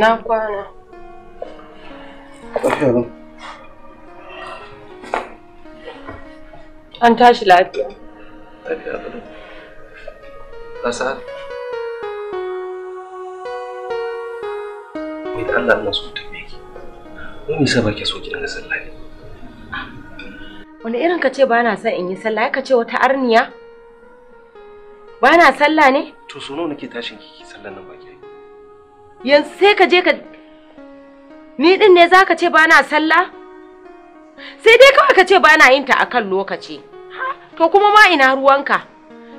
Ina kwana. An tashi lafiya. Allah na so ta Mun ke so ki dinga sallah Wani irin ka ce ba na son in yi sallah, ka ce wata arniya? Ba na sallah ne? To nawa nake tashin ki nan yanzu sai ka je ka ni din ne zaka ce ba na sallah sai dai kawai ka ce ba na yin ta akan lokaci to kuma ma ina ruwanka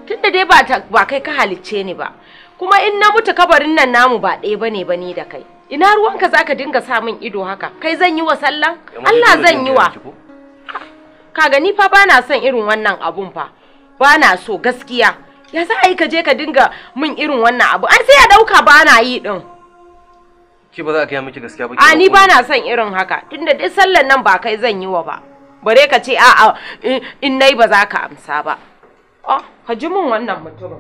tunda dai ba kai ka halicce ni ba kuma in na mutu kabarin nan namu ba ɗaya bane ba ni da kai ina ruwanka zaka dinga sa min ido haka kai zan yi wa sallah Allah zan yi wa kaga ni fa bana son irin wannan abun fa bana so gaskiya ya za a yi ka je ka dinga min irin wannan abu an sai ya dauka bana yi din Ki ba za a gaya miki gaskiya ba. A ni ba na son irin haka tunda dai sallan nan ba kai zan yi wa ba. Bare ka ce a'a in nai ba za ka amsa ba. Oh, ka ji min wannan mutumin.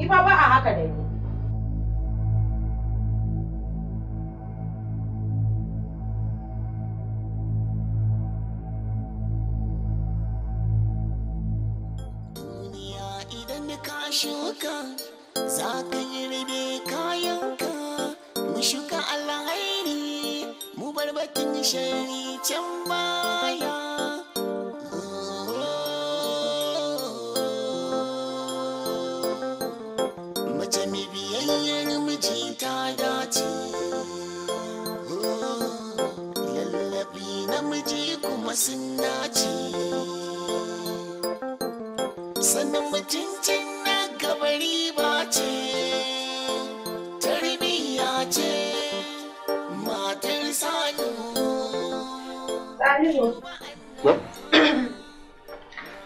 Ni fa ba a haka da ni. za ka yi rabe kayanka mu shuka alhairi mu barbatin shari can baya mace mai biyayyar miji ta dace lallabi namiji kuma sun dace sannan mutuncin na gabari ba ce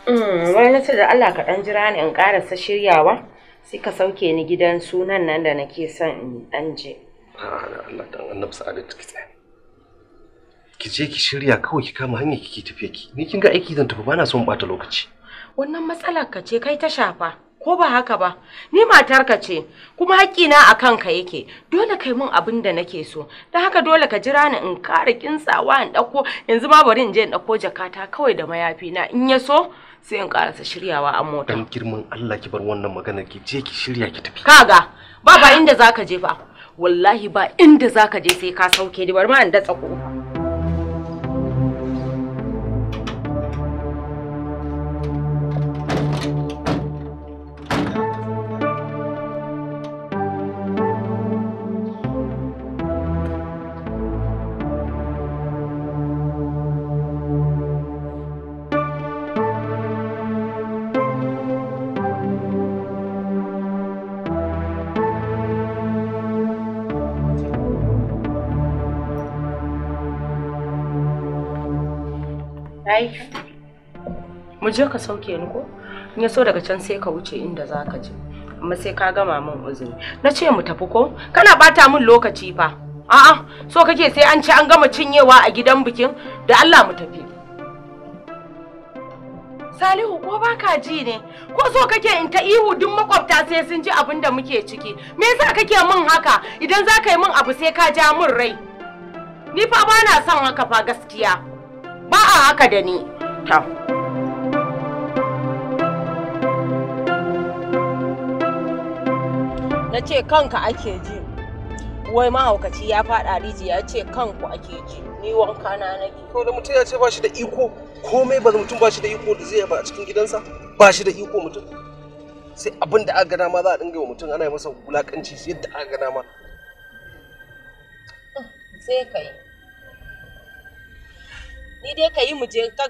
Hmm, wai na da Allah ka ɗan jira ni in ƙarasa shiryawa sai ka sauke ni gidan sunan nan da nake son in ɗan je. Ah, Allah annabi ki Ki je ki shirya kawai ki kama hanyar kike tafiya ki. Ni kin ga aiki zan tafi bana son ɓata lokaci. Wannan matsalar ka ce kai ta shafa. ko ba haka ba ni matarka ce kuma haƙƙina a kanka yake dole kai mun abin da nake so don haka dole ka jira ni in kara kintsawa in ɗauko yanzu ma bari in je in ɗauko jakata kawai da mayafi na in ya so sai in sa shiryawa a mota dan girman Allah ki bar wannan maganar ki je ki shirya ki tafi kaga ba ba inda zaka je fa wallahi ba inda zaka je sai ka sauke ni bar ma in datsa kofa Mu je ka sauke ni ko? In so daga can sai ka wuce inda za ka je. Amma sai ka gama min uzuri. Na ce mu tafi ko? Kana bata min lokaci fa. A'a, so kake sai an ci an gama cinyewa a gidan bikin da Allah mu tafi. Salihu ko baka ji ne? Ko so kake in ta ihu duk makwabta sai sun ji abin da muke ciki. Me yasa kake min haka? Idan za ka yi min abu sai ka ja min rai. Ni fa ba na son haka fa gaskiya. ba a haka da ni ta na ce kanka ake ji wai mahaukaci ya fada rijiya ya ce kanku ake ji ni wanka na nake to da mutum ya ce ba shi da iko komai ba mutum ba shi da iko da zai ba a cikin gidansa ba shi da iko mutum sai abin da aka gana ma za a dinga wa mutum ana yi masa wulakanci yadda aka gana ma sai kai ni dai ka yi mu je ka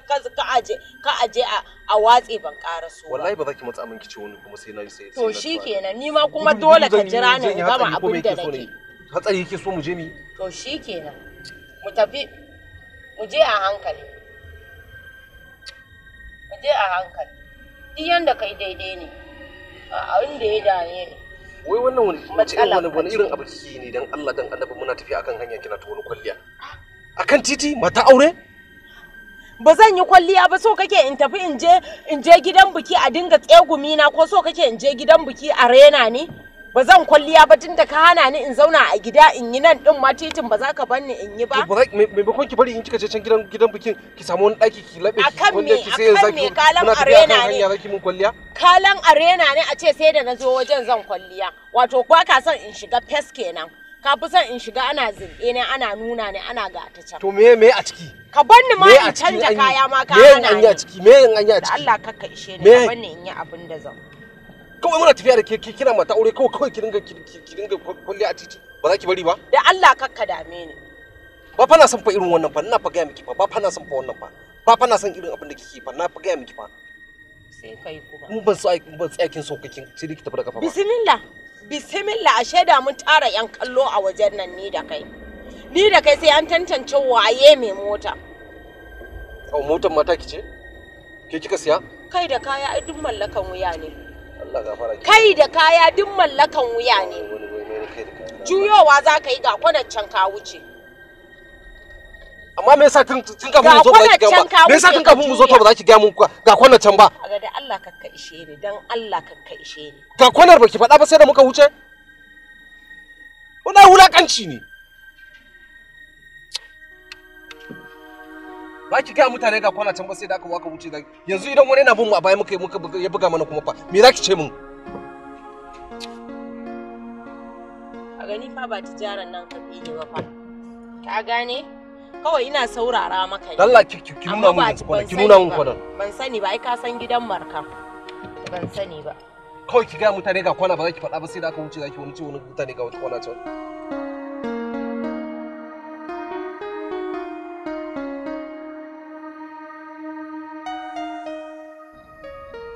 aje ka aje a watse ban ƙara so wallahi ba za ki matsa aminki ce wani kuma sai na yi sai to shikenan ni ma kuma dole ka jira ne in gama abin da nake hatsari yake so mu je mi to shikenan mu tafi mu je a hankali mu je a hankali duk yanda kai daidai ne a inda ya dame ne wai wannan wani mace wani wani irin abu ne dan Allah dan annabi muna tafiya akan hanya kina to wani kwalliya akan titi mata aure ba zan yi kwalliya ba so kake in tafi in je in je gidan biki a dinga tsegumi na ko so kake in je gidan biki a rena ni ba zan kwalliya ba tunda ka hana ni in zauna a gida in yi nan din ma titin ba za ka bar ni in yi ba eh, ba me maimakon ki bari in kika je can gidan gidan bikin ki samu wani daki ki labe ki wanda ki sai yanzu ki kalan arena ne zaki mun kwalliya kalan arena ne a ce sai da na zo wajen zan kwalliya wato ba ka son in shiga fes kenan ka fi son in shiga ana zinɗe ne ana nuna ne ana gata can. To me me a ciki? Ka bar ni ma in canja kaya ma ka hana ni. Me a ciki? Me an anya a ciki? Allah kakka ishe ni ka ban ni in yi abin da zan. Kawai muna tafiya da ke kira mata aure kawai kawai ki dinga ki dinga kulle a titi ba za ki bari ba? Da Allah kakka dame ni. Ba fa na san fa irin wannan fa na fa gaya miki fa ba fa na san fa wannan fa ba fa na san irin abin da kike fa na fa gaya miki fa. Sai kai kuma. Mun ban so ai ban so kakin sai ki tafi da kafa ba. Bismillah. bisimilla a shaida mun tara yan kallo a wajen nan ni da kai ni da kai sai an tantance waye mai mota oh motar mata kice ke kika siya kai da kaya ai duk mallakan wuya ne Allah gafara kai da kaya duk mallakan wuya ne juyowa za ka yi ga kwanan can ka wuce amma me yasa kin tun kafin mu zo ba ki ga ba me yasa kin kafin mu zo ba za ki ga mun ga kwana can ba ga da Allah kakka ishe ni dan Allah kakka ishe ni ga kwanar baki faɗa ba sai da muka huce wala wulakanci ne ba ki ga mutane ga kwana can ba sai da aka waka huce da yanzu idan wani na bin mu a baya muka muka ya buga mana kuma fa me za ki ce mun a gani fa ba tijaran nan ka ne ba fa ka gane kawai ina saurara maka ne Allah ki ki nuna mun kwana ki nuna mun kwana ban sani ba ai ka san gidan marka ban sani ba kawai ki ga mutane ga kwana ba za ki faɗa ba sai da aka wuce za ki wani ci wani mutane ga wata kwana ta.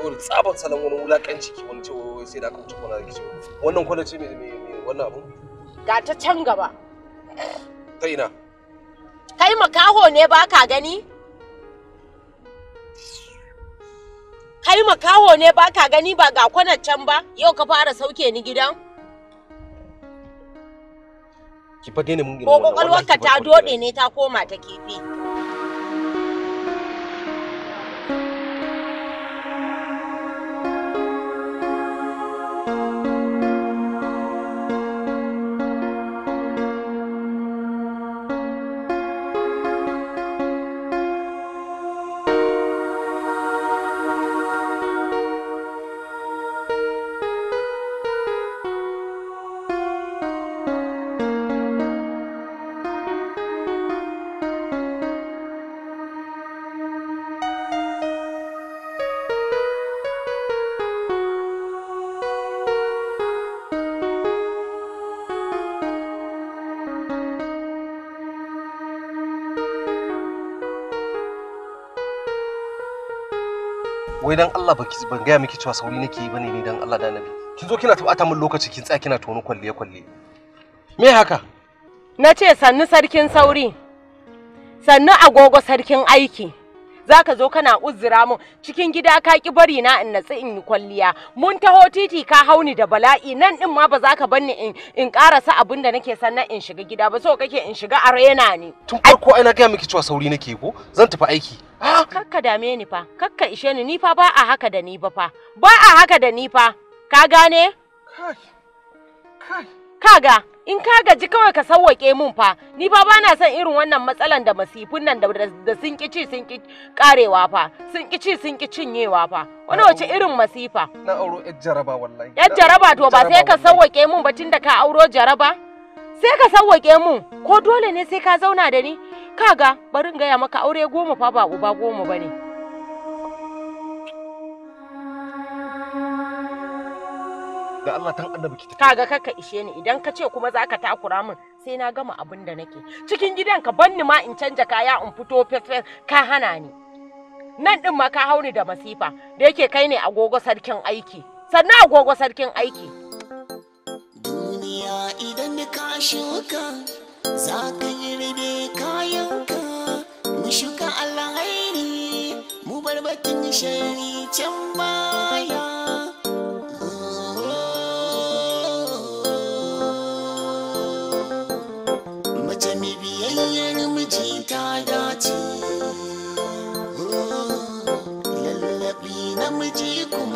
wani tsabar salon wani wulakanci ki wani ce cewa sai da aka wuce kwana da kici wannan kwana ce mai wannan abu ga ta can gaba ta ina kai makaho ne ba ka gani kai makaho ne ba ka gani ba ga kwanan can ba yau ka fara sauke ni gidan ki fage mun ko kwakwalwarka ta dode ne ta koma ta kifi wai dan Allah baki ban gaya miki cewa sauri nake yi bane ni dan Allah da nabi kin zo kina tabata min lokaci kin tsaya kina tono kwalle kwalle me haka na ce sannu sarkin sauri sannu agogo sarkin aiki zaka zo kana uzura mun cikin gida ka ki bari na in natsi in yi kwalliya mun taho titi ka hauni da bala'i nan din ma ba za ka banni in in karasa abin da nake sannan in shiga gida ba so kake in shiga arena ne tun farko ai na ga miki cewa sauri nake ko zan tafi aiki ah! kakka dame ni fa kakka ishe ni ni fa ba a haka da ni ba fa ba a haka da ni fa ka gane kai kai kaga in ka gaji kawai ka sawwake mun fa ni ba bana son irin wannan matsalan da masifun nan da sun ci sun ƙi karewa fa sun ci sun ƙi cinyewa fa wani wace irin masifa na auro yar jaraba wallahi yar jaraba to ba sai ka sawwake mun ba tunda ka auro jaraba sai ka sawwake mun ko dole ne sai ka zauna da ni kaga bari in gaya maka aure goma fa ba uba goma bane da Allah tan annabi ki kaga kaka ishe ni idan ka ce kuma zaka takura min sai na gama abin da nake cikin gidan ka banni ma in canja kaya in fito fefe ka hana ni nan din ma ka hauni da masifa da yake kai ne agogo sarkin aiki sannan agogo sarkin aiki duniya idan ka shuka za ka yi rabe kayanka mu shuka alhairi mu barbatin shari can baya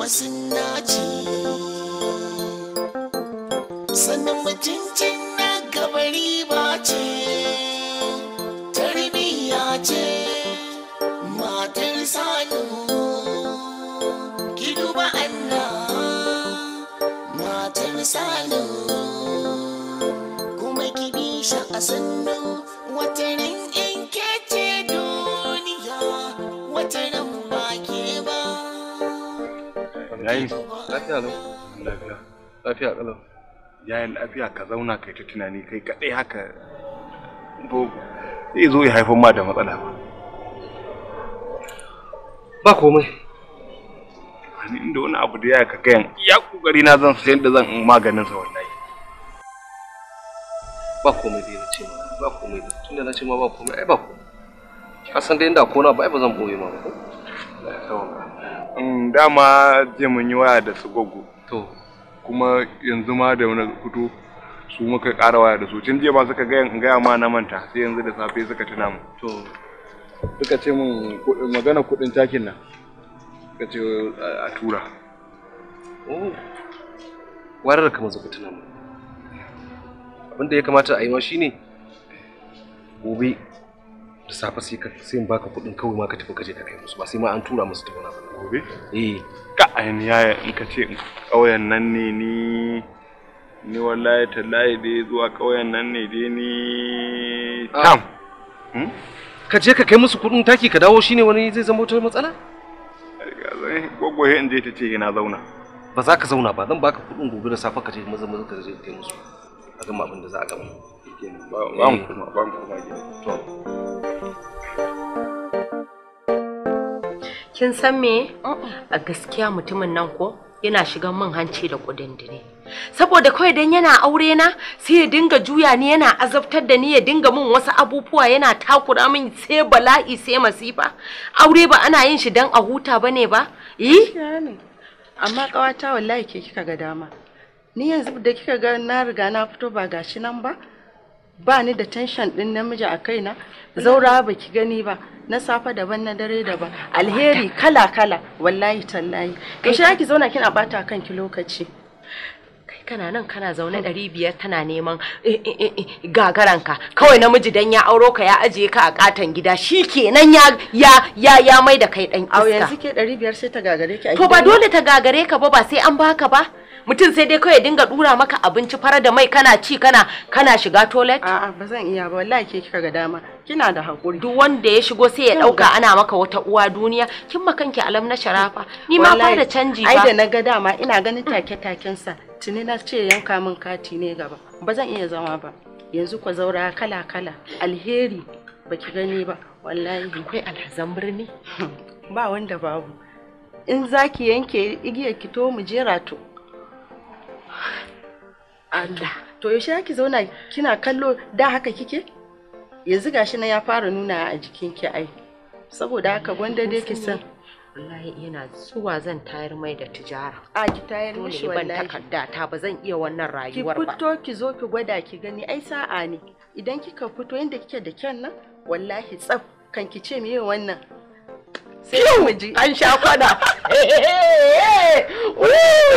sun nace sannan mutuncin na gabari ba ce tarbiyya ce matar sanu ki duba Allah matar sanu kuma ki bi shi a sannu wata rinka yayin lafiya lau lafiya lafiya kalau yayin lafiya ka zauna kai ta tunani kai kadai haka dogo zai zo ya haifar ma da matsala ba ba komai ni inda wani abu da ya ka gayan iya kokari na zan sayar da zan maganin sa wallahi ba komai da ya ce ba komai da tunda na ce ma ba komai ai ba komai ka san da inda ko ba ai ba zan boye ma ba ko Mm, dama je mun yi waya da su gogo to kuma yanzu ma da wani fito su muka ƙara waya da su tun jiya ma suka ga in gaya ma na manta sai yanzu da safe suka tuna mu to suka ce mun magana kuɗin takin nan suka ce a tura oh warar kamar zuku tuna mu abinda ya kamata a yi ma shine gobe da safe sai ka sai baka kuɗin kawai ma ka tafi ka ka kai musu ba sai ma an tura musu ta wani abu gobe eh ka ayin yaya in ka ce ƙauyen nan ne ni ni wallahi tallahi dai zuwa ƙauyen nan ne dai ni ah. tam hmm? ka je ka kai musu kuɗin taki ka dawo shine wani zai zama wata matsala gwaggwaye in je ta ce na zauna ba za ka zauna ba zan baka kuɗin gobe da safe ka je maza maza ka je kai musu a gama abin za a gama ba eh. kuma ba kuma kin san me a gaskiya mutumin nan ko yana shigan min hanci da dire saboda kawai dan yana aure na sai ya dinga juya ni yana azabtar da ni ya dinga min wasu abubuwa yana takura min sai bala'i sai masifa aure ba ana yin shi dan a huta bane ba eh amma kawata wallahi ke kika ga dama ni yanzu da kika ga na riga na fito ba gashi nan ba ba ni da tension din namiji a kaina zaura ba ki gani ba na safa daban na dare daban alheri kala kala wallahi tallahi shi ki zauna kina bata kanki lokaci kai kana nan kana zaune ɗari biyar tana neman eh, eh, eh, gagaranka kawai namiji dan ya auro ka ya ajiye ka a katon gida shi kenan ya ya ya ya mai da kai dan iska a yanzu ke ɗari biyar sai ta gagare ki to ba dole ta gagare ka ba ba sai an baka ba mutum sai dai kawai dinga dura maka abinci fara da mai kana ci kana kana shiga toilet a'a ba zan iya ba wallahi ke kika ga dama kina da hakuri duk wanda ya shigo sai ya dauka ana maka wata uwa duniya kin ma kanki alam na sharafa ni ma fara canji ba ai da naga dama ina ganin take taken sa tuni na ce yanka min kati ne gaba ba zan iya zama ba yanzu ku zaura kala kala alheri baki gani ba wallahi akwai alhazan birni ba wanda babu in zaki yanke igiyar ki to mu jera to Allah to yaushe zauna kina kallo da haka kike yanzu gashi na ya fara nuna a jikinki ai saboda haka gwanda dai ki san wallahi yana zuwa zan tayar mai da tijara a ki tayar mishi wallahi takarda ta ba zan iya wannan rayuwar ba ki fito ki zo ki gwada ki gani ai sa'a ne idan kika fito yanda kike da kyan nan wallahi tsaf kan ki ce me wannan Fiyu an sha kwana.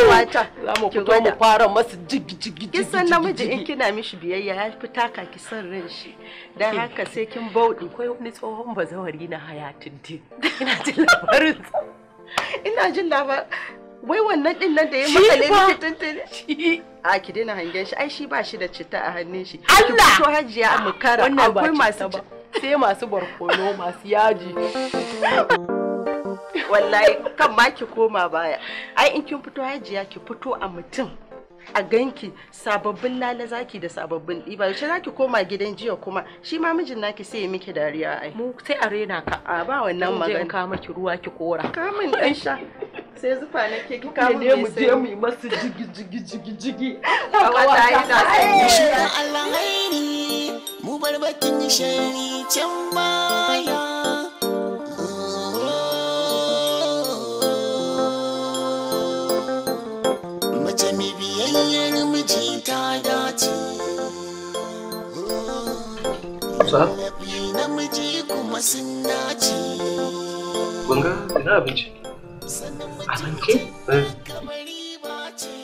Mata, za mu fito mu fara masu jigi jigi jigi. Kisan namiji in kina mishi biyayya ya fi taka ki son ran shi. Dan haka sai kin bauɗi ko wani tsohon bazawari na hayatin din. Ina jin labarin. Ina jin labarin. Wai wannan din nan da ya makale miki tuntuni. A ki daina hangen shi ai shi ba shi da citta a hannun shi. Allah. Ki fito hajiya a mukara akwai masu sai masu barkono masu yaji. wallahi kan ma ki koma baya ai in kin fito hajiya ki fito a mutum a ganki sababbin lala zaki da sababbin ɗiba yaushe zaki koma gidan jiya kuma shi ma mijin naki sai ya miki dariya ai mu sai a rena ka a ba wannan magana in ka miki ruwa ki kora ka min dan sha sai zufa nake ki ka ne mu je mu yi masu jigi jigi jigi jigi a wata ina sai Allah mu barbakin shari can baya sa Gunga, ina abinci a sanke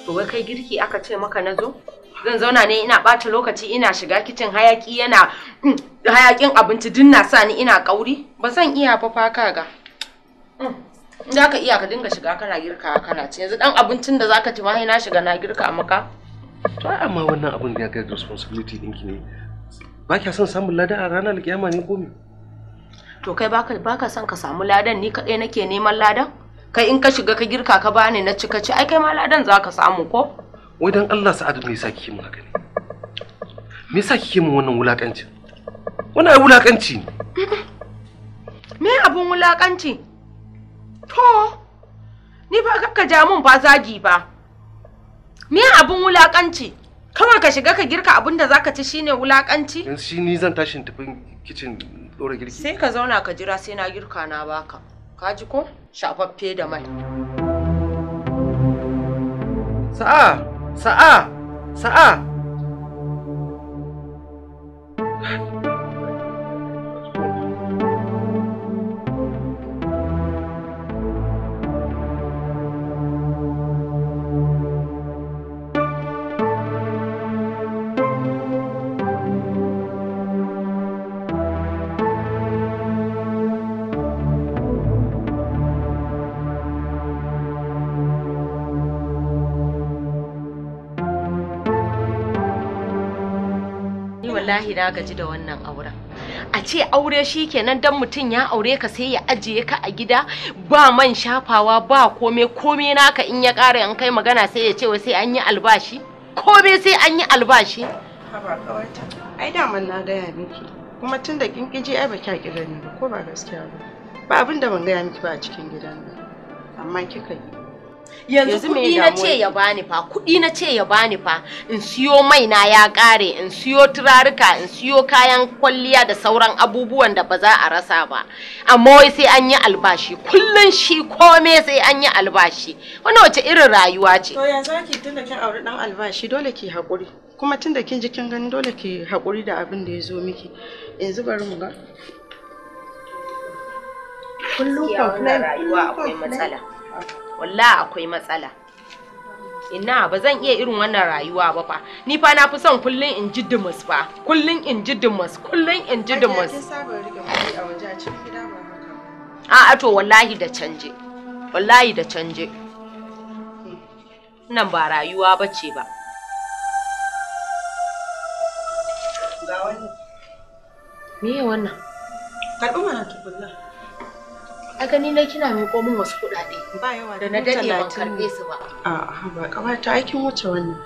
to eh. wai kai girki aka ce maka na zo zan zauna ne ina ɓata lokaci ina shiga kicin hayaki yana mm, hayakin abinci din na sa ni ina kauri ba zan iya fa faka ga mm. za ka iya ka dinga shiga kana girka kana ci yanzu dan abincin da zaka ci ma na shiga na girka maka to amma wannan abin da ya ga responsibility ɗinki ne ba kya son samun lada a ranar alkiyama ne ko me to kai ba ka son ka samu ladan ni kaɗai nake neman ladan kai in ka shiga ka girka ka bani na cika ci ai kai ma ladan za ka samu ko wai dan Allah sa'adu me yasa kike min haka ne me yasa kike min wannan wulakanci wannan ai wulakanci ne me abun wulakanci to ni ba ka ja min ba zagi ba me abun wulakanci kawai ka shiga ka girka abin da zaka ci shine wulakanci yanzu shi ni zan tashi tafin kicin dora girki sai ka zauna ka jira sai na girka na baka ka ji ko shafaffe da mai sa'a sa'a sa'a wallahi na gaji da wannan auren a ce aure shi kenan dan mutum ya aure ka sai ya ajiye ka a gida ba man shafawa ba kome kome naka in ya ƙara an kai magana sai ya ce wa sai an yi albashi kome sai an yi albashi haba kawata ai daman na gaya miki kuma tun da kin kiji ai baki kya kira ba ko ba gaskiya ba ba abin da ban gaya miki ba a cikin gidan nan amma kika yi yanzu kuɗi na ce ya bani fa kuɗi na ce ya bani fa in siyo mai na ya ƙare in siyo turarika in siyo kayan kwalliya da sauran abubuwan da ba za a rasa ba amma wai sai an yi albashi kullun shi kome sai an yi albashi wani wace irin rayuwa ce to ya zaki tunda kin auri dan albashi dole ki haƙuri kuma tunda kin ji kin gani dole ki haƙuri da abin da ya zo miki yanzu bari mu ga kullum complain rayuwa akwai matsala wallahi akwai matsala ina ba zan iya irin wannan rayuwa ba fa ni fa na fi son kullun in ji dumus fa kullun in ji dumus kullun in ji dumus a a to wallahi da canje wallahi da canje nan ba rayuwa bace ba ga wani me wannan karɓi mana tukunna a gani na kina mai komin wasu kuɗaɗe ba yawa da na daɗe ban karɓe su ba a'a ba kamata aikin wuce wannan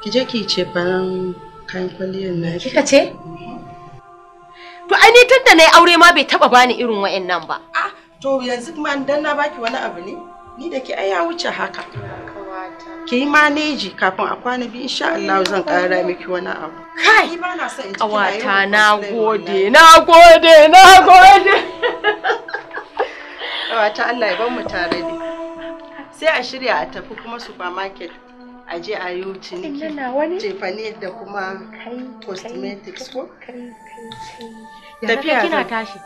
ki je ki ce ban kayan kwalliyar na kika ce to ai ni tunda nayi aure ma bai taba bani irin wa'annan ba a to yanzu ma dan na baki wani abu ne ni da ke ai ya wuce haka ki yi maneji kafin a kwana biyu insha Allah zan ƙara miki wani abu kai ba na son in ji kawata na gode na gode na gode ta Allah ya mu tare ne. Sai a shirya a tafi kuma supermarket a je a yi ciniki jefane da kuma cosmetics ko? Tafiya kina tashi.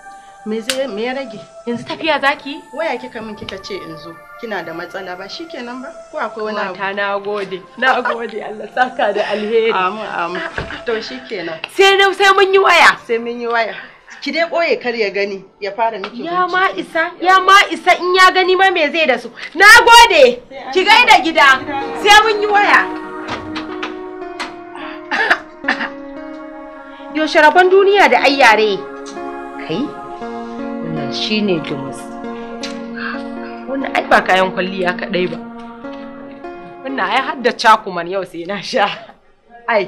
Me zai me ya rage? Yanzu tafiya zaki? Waya kika min kika ce in zo. Kina da matsala ba shikenan ba? Ko akwai wani abu? na gode. Na gode Allah saka da alheri. Amin amin. To shikenan. Sai sai mun yi waya. Sai mun yi waya. ki dai boye kar ya gani ya fara miki ya ma isa ya ma isa in ya gani ma me zai da su na gode ki gaida gida sai mun yi waya yo sharaban duniya da ayyare kai wannan shine jumus wannan ai ba kayan kwalliya kadai ba wannan ai har da cakuman yau sai na sha ai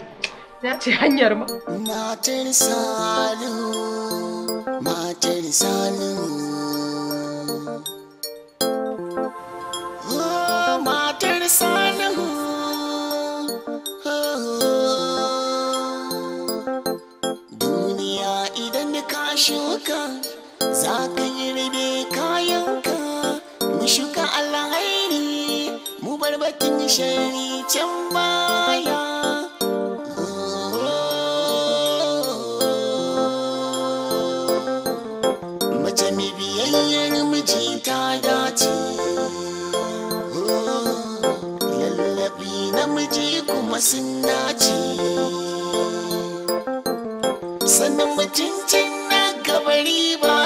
ta ce hanyar ma. Matar Salu. matar salihu matar salihu duniya idan ka shuka za ka kayanka mu shuka alhairi mu barbatin shari can baya sun naci sannan mutuncin na gabari ba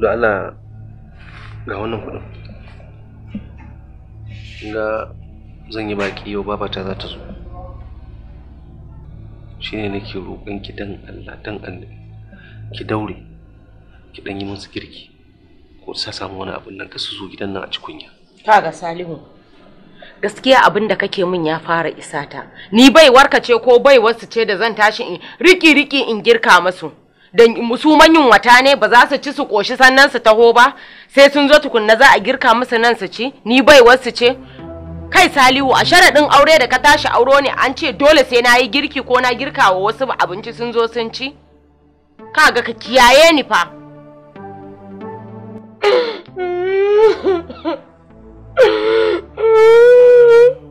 da Allah ga wannan kuɗin ga zan yi baki yau babata za ta zo shi ne nake roƙon ki dan Allah dan Allah ki daure ki dan yi musu kirki ko sa samu wani abin nan ka su zo gidan nan a cikin ya ga Salihu gaskiya abin da kake min ya fara isata ni baiwarka ce ko wasu ce da zan tashi in riki riki in girka masu don su manyan wata ne ba za su ci su koshi sannan su taho ba sai sun zo tukunna za a girka musu nan su ci ni bai wasu ce kai salihu a sharaɗin aure da ka tashi auro ne an ce dole sai na yi girki ko na girka wa wasu abinci sun zo sun ci Ka ga ka kiyaye ni fa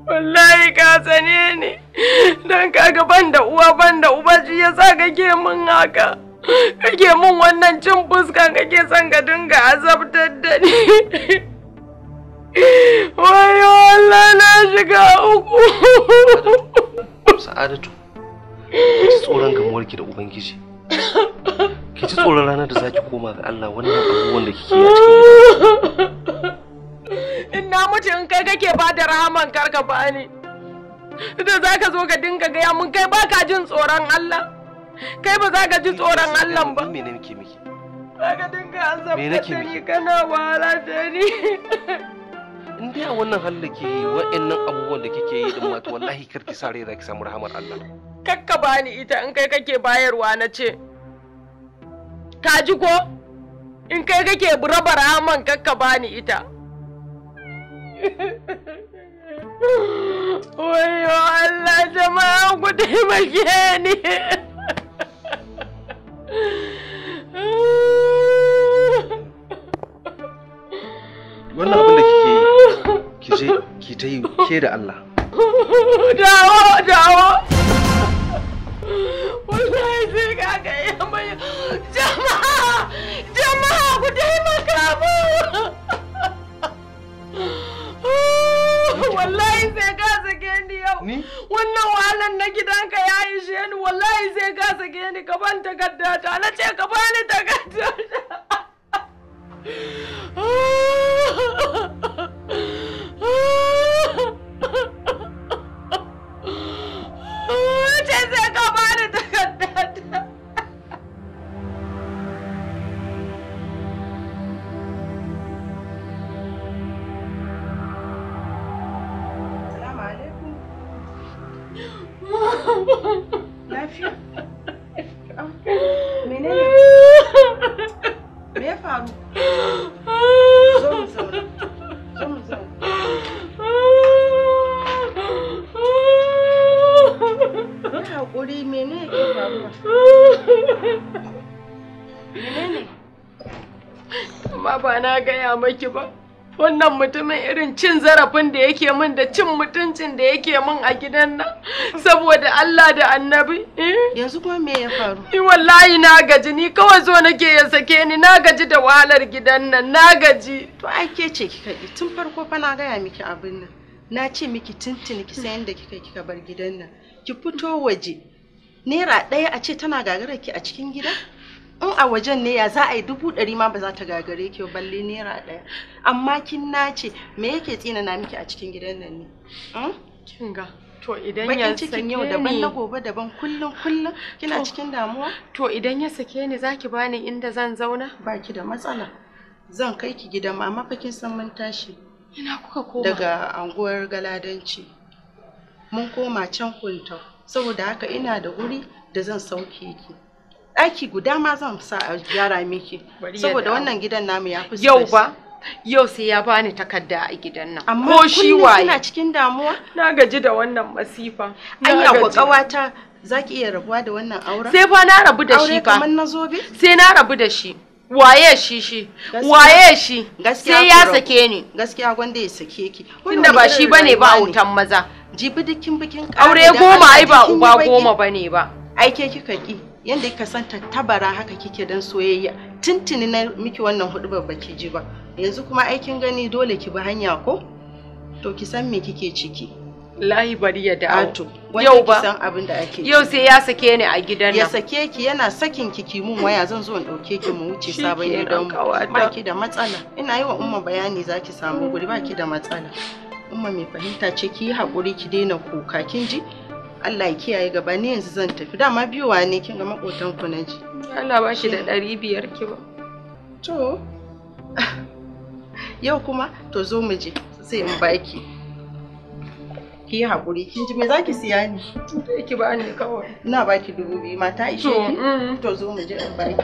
wallahi ka sane ni don kaga ban da uwa ban da uba shi yasa kake min haka kake mun wannan cin fuskan kake son ka dinga azabtar da ni wai Allah na shiga uku sa'adatu ki tsoron gamuwarki da ubangiji ki ci tsoron ranar da zaki koma ga Allah wannan abubuwan da kike yi cikin in na in kai kake ba da rahaman karka bani da zaka zo ka dinga gaya mun kai baka jin tsoron Allah kai ba za ka ji tsoron Allah ba me ne nake miki ka dinga azaba da ni kana wala da ni in dai a wannan halin da ke yi wa'annan abubuwan da kike yi din ma to wallahi kar ki sare za ki samu rahamar Allah kakka bani ita in kai kake bayarwa na ce ka ji ko in kai kake raba rahaman kakka bani ita Wayo Allah jama'a ku taimake ni. wannan abin da kike ki je ki ta yi ke da Allah dawo dawo wallahi sai ka ga yamma jama'a jama'a ku taimaka mu wallahi sai ka sake ni yau wannan wahalan na gidanka ya ishe ni wallahi sai ka sake ni ka ban takarda ta na ce ka bani takarda ta ce sai ka bani takarda ta ba na gaya maki ba. wannan mutumin irin cin zarafin da yake min da cin mutuncin da yake min a gidan nan saboda Allah da annabi eh? yanzu kuma me ya faru ni wallahi na gaji ni kawai zo nake ya sake ni na gaji da wahalar gidan nan na gaji to ai ke ce kika yi tun farko fa na gaya miki abin nan na ce miki tuntuni ki san yadda kika kika bar gidan nan ki fito waje naira ɗaya a ce tana gagarar ki a cikin gida in a wajen ne ya za a yi dubu ɗari ma ba za ta gagare ki balle naira ɗaya amma kin nace me yake tsina na miki a cikin gidan nan ne hmm? kin ga to idan ya sake yau daban na gobe daban kullum kullum kina cikin damuwa to idan ya sake ni zaki bani inda zan zauna baki da matsala zan kai ki gidan mama fa kin san mun tashi ina kuka koma daga anguwar galadanci mun koma can kunta saboda haka ina da guri da zan sauke ki ɗaki guda ma zan sa a gyara miki saboda wannan gidan namu ya fi yau ba Yau sai ya bani takarda a gidan nan. Amma ko shi waye? cikin damuwa? Na gaji da wannan masifa. Anya ƙawata kawata zaki iya rabuwa da wannan auren? Sai fa na rabu da shi fa. Aure na bi? Sai na rabu da shi. Waye shi shi? Waye shi? Sai ya sake ni. Gaskiya gwanda ya sake ki. Tunda ba shi bane ba autan maza. Jibi dukkin bikin Aure goma ai ba uba goma bane ba. Aike kika ki. yadda kika san tattabara haka kike dan soyayya tuntuni na miki wannan hudu ba ki ji ba yanzu kuma aikin gani dole ki bi hanya ko to ki san me kike ciki layi bari ya to yau ba san abin da ake yau sai ya sake ni a gidan nan ya sake ki yana sakin ki ki mun waya zan zo in dauke ki mu wuce sabon gidan mu ba ki da matsala ina yi wa umma bayani zaki samu guri ba ki da matsala umma mai fahimta ce ki hakuri ki daina kuka kin ji Allah ya kiyaye gaba ni yanzu zan tafi dama wa ne kin ga makotan ku na ji Allah ba shi da ɗari biyar ki ba to yau kuma to zo mu je sai in baki ki yi haƙuri kin ji me zaki siya ni to ki ba ni kawai ina baki dubu biyu mata ishe ki to mm. zo mu je in baki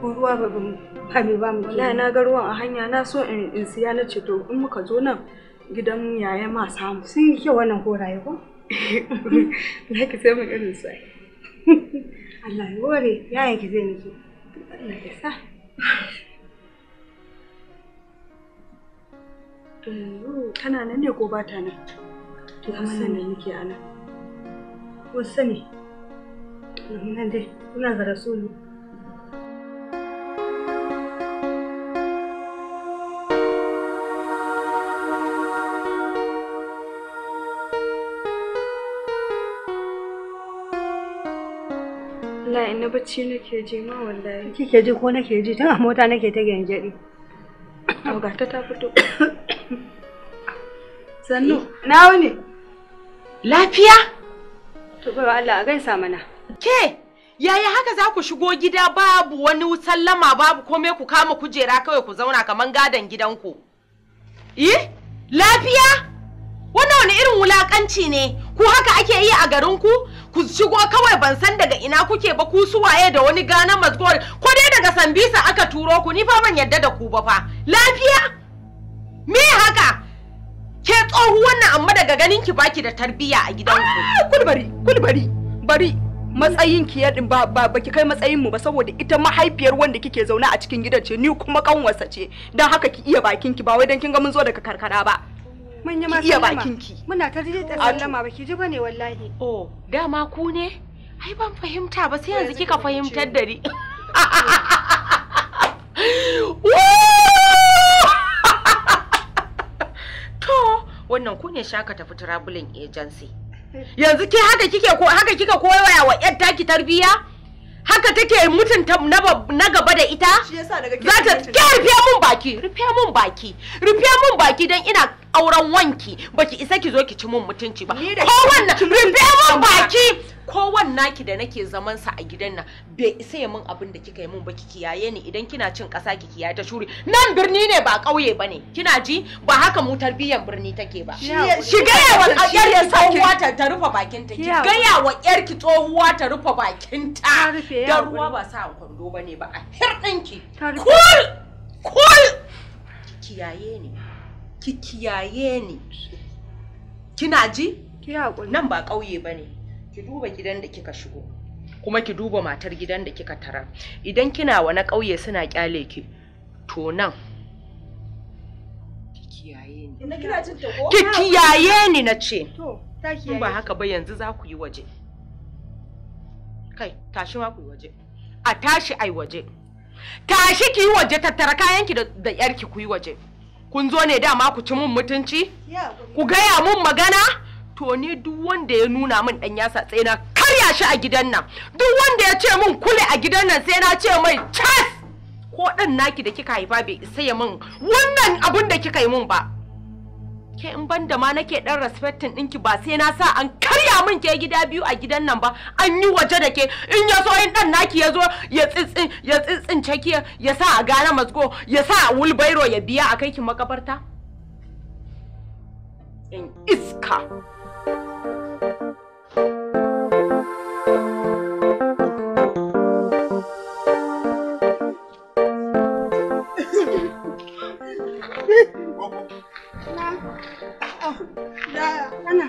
ko ruwa ba ba mai ba mu wallahi na ga ruwan a hanya na so in in siya na ce to in muka zo nan gidan yaya ma samu sun yi kyau wannan horaye ko na ki sai mu irin sai Allah ya ware yayan ki zai nake Allah ya sa kana nan ne ko ba ta nan to kuma nan nake a nan ko sani nan dai kuna ga rasulu in na bacci nake ji ma wallahi kike ji ko nake ji ta a mota nake ta A Augata ta fito sannu na wani lafiya to bai Allah a gaisa mana ke yaya haka za ku shigo gida babu wani sallama babu komai ku kama kujera kawai ku zauna kaman gadon gidanku eh lafiya wannan wani irin wulakanci ne ku haka ake yi a garin ku ku shigo kawai ban san daga ina kuke ba ku suwaye da wani gana mazgori ko dai daga sambisa aka turo ku ni fa ban yadda da ku ba fa lafiya me haka ke tsohu wannan amma daga ganin ki baki da tarbiya a gidanku. Ah, ku bari matsayin ki yadin ba ba baki kai matsayin mu ba saboda ita mahaifiyar wanda kike zaune a cikin gidan ce ni kuma kanwarsa ce dan haka ki iya bakin ki ba wai dan kin ga mun zo daga karkara ba mun yi ma iya bakinki. ki muna ta rije ta sallama ba ki ji bane wallahi oh dama ku ne ai ban fahimta ba sai yanzu kika fahimtar da ni to wannan ku ne shaka tafi traveling agency yanzu ke haka kike ko haka kika koyawa wa yar taki tarbiya haka take mutunta na gaba da ita za ta ke rufe mun baki rufe mun baki rufe mun baki dan ina auren wanki baki isa ki zo ki ci mun mutunci ba ko wannan rufe mun baki ko wannan ki da nake zaman sa a gidan nan bai isa ya mun abin da kika yi mun ba kiyaye ni idan kina cin kasa ki kiyaye ta shuri nan birni ne ba ƙauye bane kina ji ba haka mu tarbiyyar birni take ba shiga wa ƙyar ya tsohuwa ta ta rufe bakin ta ki gaya wa ƙyar ki tsohuwa ta rufe bakin ta da ruwa ba sa kwando bane ba a hirɗin ki kul kul kiyaye ni ki kiyaye ni kina ji ki hakuri nan ba ƙauye bane ki duba gidan da kika shigo kuma ki duba matar gidan da kika tara idan kina wani ƙauye suna kyale ki to nan ki kiyaye ni ki kiyaye ni na ce to ta kiyaye ba haka ba yanzu za ku yi waje kai tashi ma ku yi waje a tashi ai waje tashi ki yi waje tattara kayanki da yarki ku yi waje kun zo ne dama ku ci mun mutunci ku gaya mun magana to ni duk wanda ya nuna mun dan yasa tsaye na karya shi a gidan nan duk wanda ya ce min kule a gidan nan sai na ce mai cas ko ɗan naki da kika haifa bai isa ya min wannan abun da kika yi mun ba ke in ban da ma nake dan respecting ɗinki ba sai na sa an karya min ke gida biyu a gidan nan ba an yi waje da ke in ya so in dan naki ya zo ya tsitsin ya tsitsin ya sa a gane mazgo ya sa a wulbairo ya biya a kai ki makabarta in iska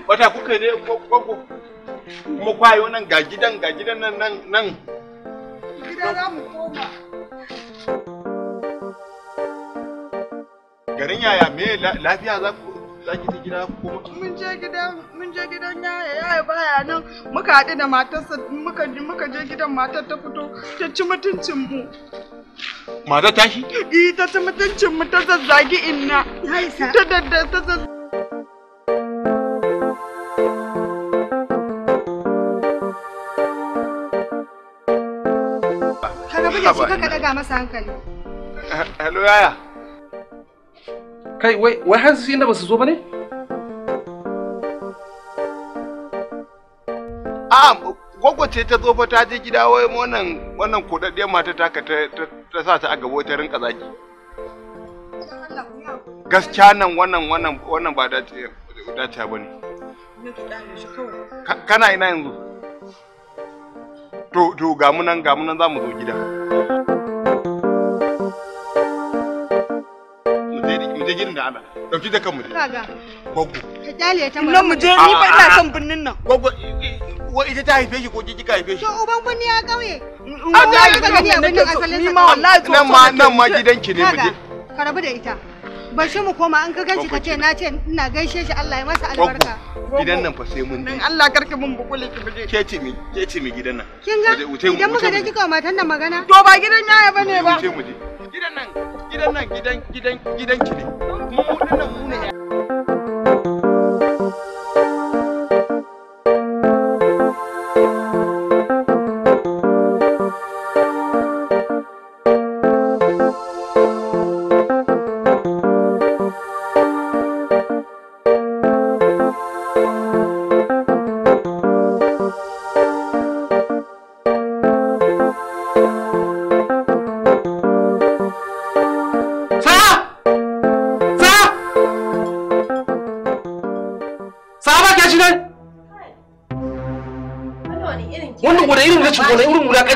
wata kuka ne kwakwa kuma kwayo nan ga gidan ga gidan nan nan nan gida za mu koma garin yaya me lafiya za ku zaki ta gida kuma mun je gidan mun je gidan yaya yaya baya nan muka haɗu da matarsa muka muka je gidan matar ta fito ta ci mutuncin mu mata tashi eh ta ci mutuncin mu ta zazzagi inna ta zazzagi shi ka daga masa hankali hello yaya kai wai wai har sai inda basu zo bane a ce ta zo fa ta je gida wai wannan wannan kodaddiyar mata ta ka ta sa ta a gabo ta rinka zaki gaskiya nan wannan wannan wannan ba dace ba ne kana ina yanzu to to ga mu nan ga mu nan za mu zo gida mu je gidan da ana dauki da kan mu je kaga gogo ta jale ta nan mu je ni fa ina son binnin nan gogo wa ita ta haife shi ko ki kika haife shi to uban binni ya kauye an da ga ni abin nan asalin sa ni ma wallahi to nan ma nan ma gidanki ne mu je ka rabu da ita bashi mu koma an ka ganshi kace na ce ina gaishe shi Allah ya masa albarka gidan nan fa sai mun dan Allah karki mun bukule ki buje ke ce mi ke ce mi gidan nan kin ga idan muka je kika matan nan magana to ba gidan yaya bane ba gidan nan gidan nan gidan gidan gidan ki ne mu mu dinnan mu ne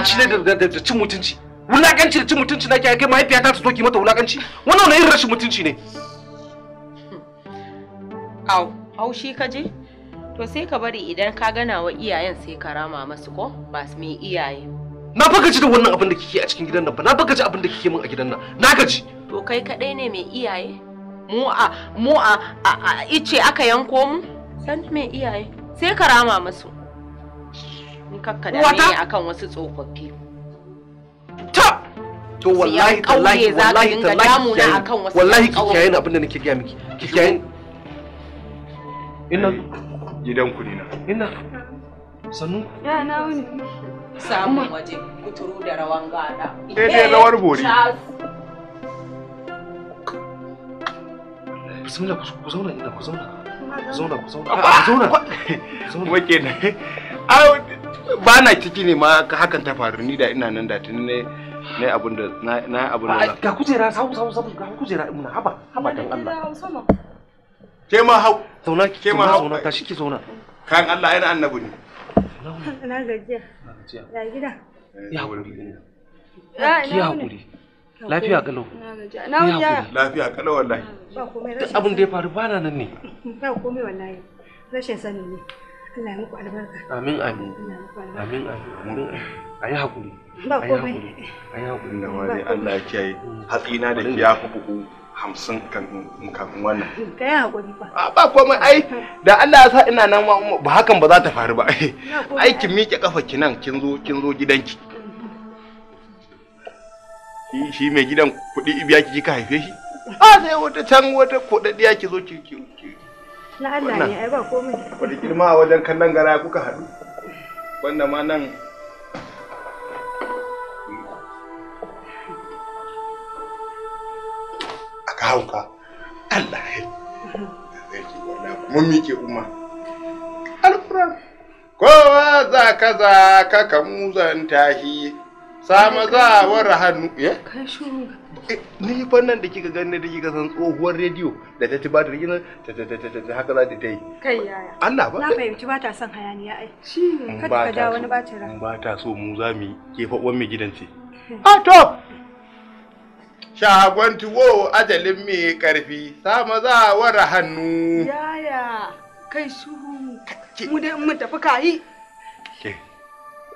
wulakanci ne da cin mutunci wulakanci da cin mutunci na kai mahaifiyata ta soki mata wulakanci wannan wani irin rashin mutunci ne au shi ka je to sai ka bari idan ka gana wa iyayen sai ka rama masu ko ba su mai iyaye na baka ji da wannan abin da kike a cikin gidan nan ba na baka ji abin da kike min a gidan nan na gaji to kai kadai ne mai iyaye mu a mu a ice aka yanko mu san mai iyaye sai ka rama masu Ni kakka da me akan wasu tsofaffi. Ta! To wallahi tallahi wallahi tallahi akan wasu wallahi ki kiyaye abin da nake gaya miki. Ki kiyaye. Inna gidan ku ne na. Inna. Sannu. Ya na wuni. waje kuturu da rawan gada. Eh, dai rawar bori. bismillah ku zauna ku zauna ku zauna ah, ku zauna ku zauna ku zauna ku zauna ba na ciki ne ma hakan ta faru ni da ina nan da tun ne ne abun da na abun da ga kujera sabu sabu sabu ga kujera muna haba haba dan Allah ke ma hau zauna ke ma hau zauna tashi ki zauna kan Allah ina annabi ne na gajiya ya gida eh, ya hakuri ki hakuri lafiya kalo na gajiya lafiya kalo wallahi ba komai rashin abun da ya faru bana nan ne ba komai wallahi rashin sani ne Allah Amin amin. Amin amin. A yi haƙuri. A yi haƙuri da wani Allah ya kiyaye. Hatsina da ya fi hamsin kafin wannan. Ka yi haƙuri ba. Ba komai ai da Allah ya sa ina nan ba hakan ba za ta faru ba. Ai kin miƙe kafa ki nan kin zo kin zo gidanki. Shi mai gidan kuɗi ibiya ki ka haife shi? A sai wata can wata kuɗaɗɗiya ki zo ki Na Allah ne ai ba komai. girma a wajen kallon gara kuka haɗu. Wanda ma nan a kawunka Allah ya miƙe umma. Kowa za ka za ka kamuzan tahi. sama za a war hannu ya eh? kai shuru ni fannan da kika ganin da kika san tsohuwar rediyo da ta tiba da rigina ta ta ta ta ta haka za ta ta yi kai yaya Allah ba na fahimci ba ta son hayaniya ai shi ne kada ka ja wani bacin ran ba ta so mu za mu ke fa mai gidan ce a ah, to shagon tuwo ajalin mai karfi sama za a war hannu yaya kai shuru mu dai mu tafi kayi ke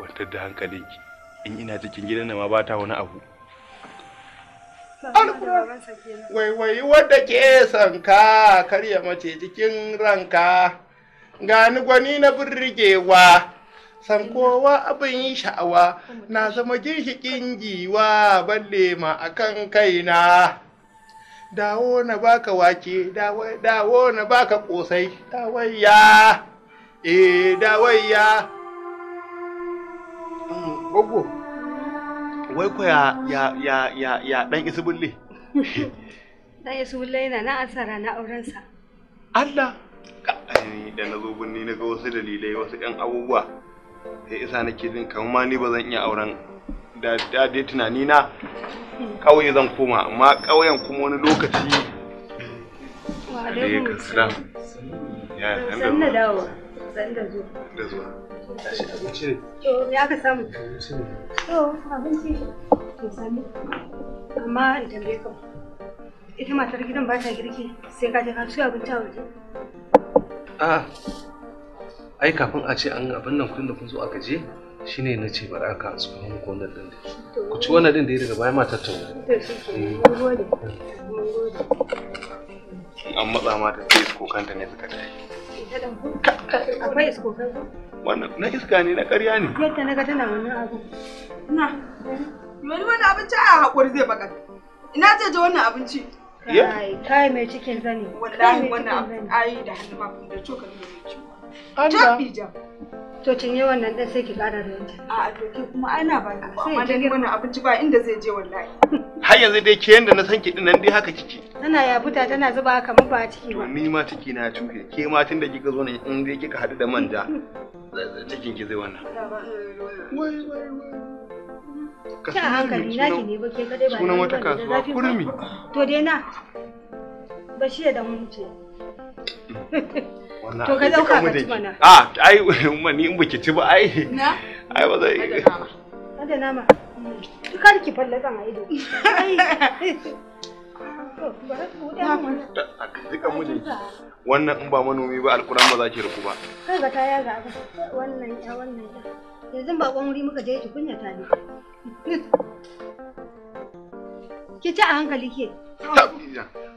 kwantar da hankalinki in ina cikin gidan nan ma ba ta wani abu wai wadda ke sanka karya mace cikin ranka gani gwani na birgewa san kowa abin yi sha'awa na zama ginshikin giwa balle ma akan kaina dawo na baka wake dawo na baka kosai dawayya eh dawayya Gogo, wai ko ya ya ya ya ya dan isu bulle. Dan isi bulle yana na asara na aurensa. Allah! Ai, da na zo na ga wasu dalilai wasu ƴan abubuwa. Sai isa nake jin kamar ma ni ba zan iya auren da da dai tunani na ƙauye zan koma amma ƙauyen kuma wani lokaci Wa alaikum salam. Ya, da zuwa. Da zuwa. girki Ai kafin a ce an abin nan kudin da kun zo aka je shine na ce bari aka su kuma muku wannan din. Ku ci wannan din da ya daga baya ma ta shi eh. An matsa mata ta iskokanta ne suka tayi. Akwai wannan na iska ne na ƙarya ne yadda na ga tana wannan abu na wani wani abinci a haƙuri zai baka ina ce ji wannan abinci kai kai mai cikin zani wallahi wannan ayi da hannu ma da cokali ne mai ciwo Allah To cinye wannan ɗan sai ki ƙara da yanki. A to ke kuma ana ba ki amma dan wannan abinci ba inda zai je wallahi. Har yanzu dai ke yanda na san ki dinnan dai haka kike. Tana buta tana zuba kamar ba ciki ba. ni ma ciki na cuke ke ma tunda kika zo ne in dai kika haɗu da manja. Cikin ki zai wannan. Wai wai wai. Ka hankali na ki ne ba ke kadai ba. Sunan wata kasuwa kurmi. To dai na. da mu ce. to ka dauka ka ci mana a ah, ai umma ni in baki ci ba ai na ai ba zai nama mm. kar ki a ido wannan in ba manomi ba alkuran ba za ki rufu ba kai ga ta ga wannan ya wannan ya yanzu ba kwan wuri muka je ki kunya ta ne ki ci a hankali ke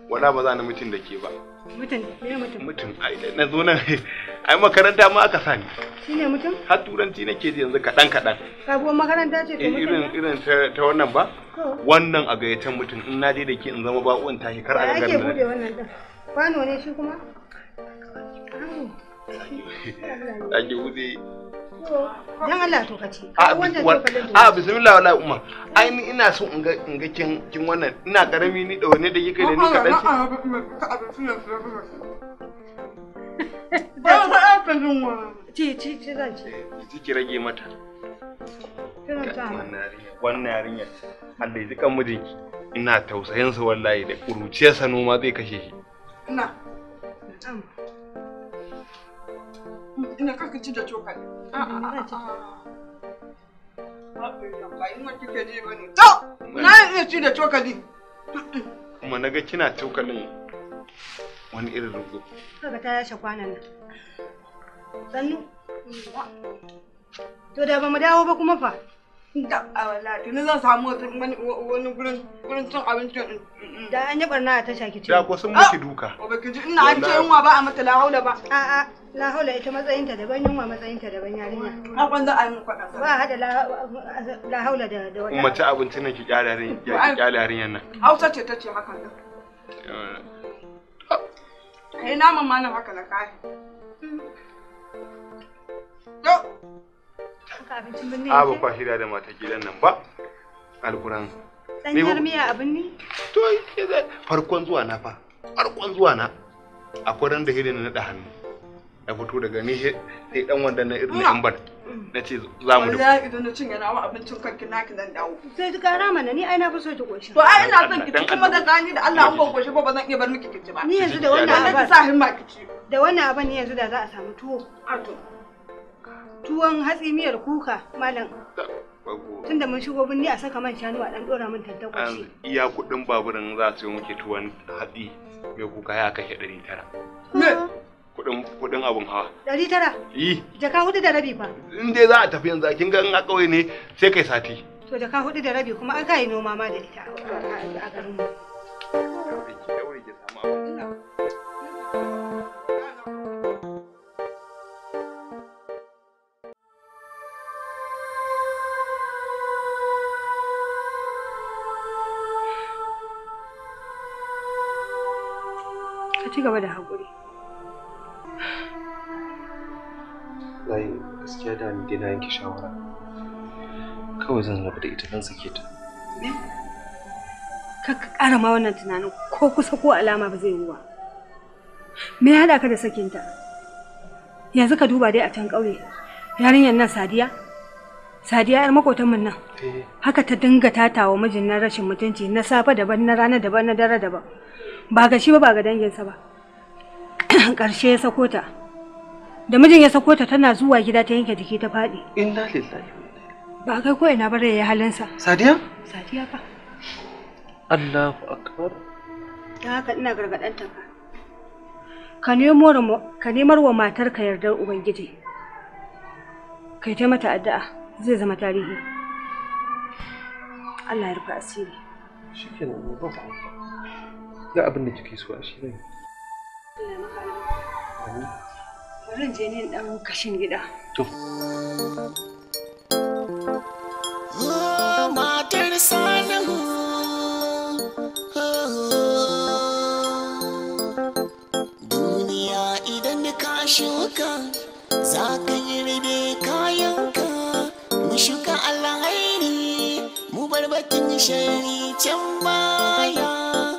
wala ba za ni mutum da ke ba mutum ne mutum mutum ai na zo nan ai makaranta ma aka sani shine mutum har turanci nake ji yanzu kaɗan kaɗan sabuwar makaranta ce ta eh, mutum irin irin ta wannan ba wannan a gayyatan mutum in na je da ke in zama ba uwan tashi kar a ga garin ake bude wannan din kwano ne shi kuma ake bude Dan Allah to kace. A a bismillah wallahi umma. Ai ni ina so in ga in ga kin kin wannan. Ina karami ni da wani da kike da ni kadan ci. Ba ba a fadin wa. Ci ci ci zan ci. ki rage mata. Wannan yarinya. mijinki. Ina tausayin sa wallahi da kuruciyarsa noma zai kashe shi. Ina. ina kaka ci da cokali ba to na iya ci da cokali kuma na ga kina cokalin wani irin rugu kaga ta yashe kwanan nan sannu mm. to da ba mu dawo ba kuma fa da an yi barna a tasha kici da ko sun miki duka ah, ba ki ji ina an ce yunwa ba a mata la ba a a la ita matsayinta daban yunwa matsayinta daban yarinya har kwan za a yi faɗa ba hada la haula da wata mace abinci ne ki kyalarin ya kyalarin yan nan hausa ce tace hakan nan eh naman ma na haka na kai maka abincin birni a ba kwa shirya da mata gidan nan ba alkuran ɗanyar miya abin ne to farkon zuwa na fa farkon zuwa na akwai ran da hidin na da hannu ya fito daga ni sai dan wanda na irin ah! ambar mm. na ce za mu da wallahi idan na cinye nawa abincin kanki naki zan dawo sai ji gara mana ni ai na fi so ki goshi to ai ina son ki ci kuma da gani da Allah an ban goshi ba ba iya bar miki kici ba ni yanzu da wannan abin sa da wannan abin ne yanzu da za a samu tuwo a to tuwon hatsi miyar kuka malam tun da mun shigo binni a saka man shanu a dan dora min tantakwashi iya kudin baburin za su yi muke tuwon hatsi mai kuka ya kashe ɗari tara kudin kudin abun hawa ɗari tara yi jaka hudu da rabi fa in dai za a tafi yanzu kin ga in a ƙauye ne sai kai sati to jaka hudu da rabi kuma an kai noma ma da ita a garin mu gaba da haƙuri. Layi, gaskiya da ni na yanke shawara. Kawai zan rabu da ita zan sake ta. Ka ƙara ma wannan tunanin ko kusa ko alama ba zai yi ba. Me ya haɗa ka da sakinta? Yanzu ka duba dai a can ƙauye. Yarinyar nan Sadiya? Sadiya 'yar mun nan. Eh. Haka ta dinga tatawa mijin nan rashin mutunci na safe daban na rana daban na dare daban. ba ga shi ba ba ga danginsa ba ƙarshe ya sako ta da mijin ya sako ta tana zuwa gida ta yanke jiki ta faɗi inna lillahi ba kai ko ina bare ya halinsa sadiya sadiya fa Allahu akbar da haka ina gargadanta ka ka nemar wa matar ka yardar ubangiji kai ta mata addu'a zai zama tarihi Allah ya rufe asiri shikenan ba ga abin da kike so a shi ne Bari je ni dan kashin gida. To. Matar Duniya idan ka shuka za ka yi kayanka. Mu shuka alhairi mu barbatin shari can baya.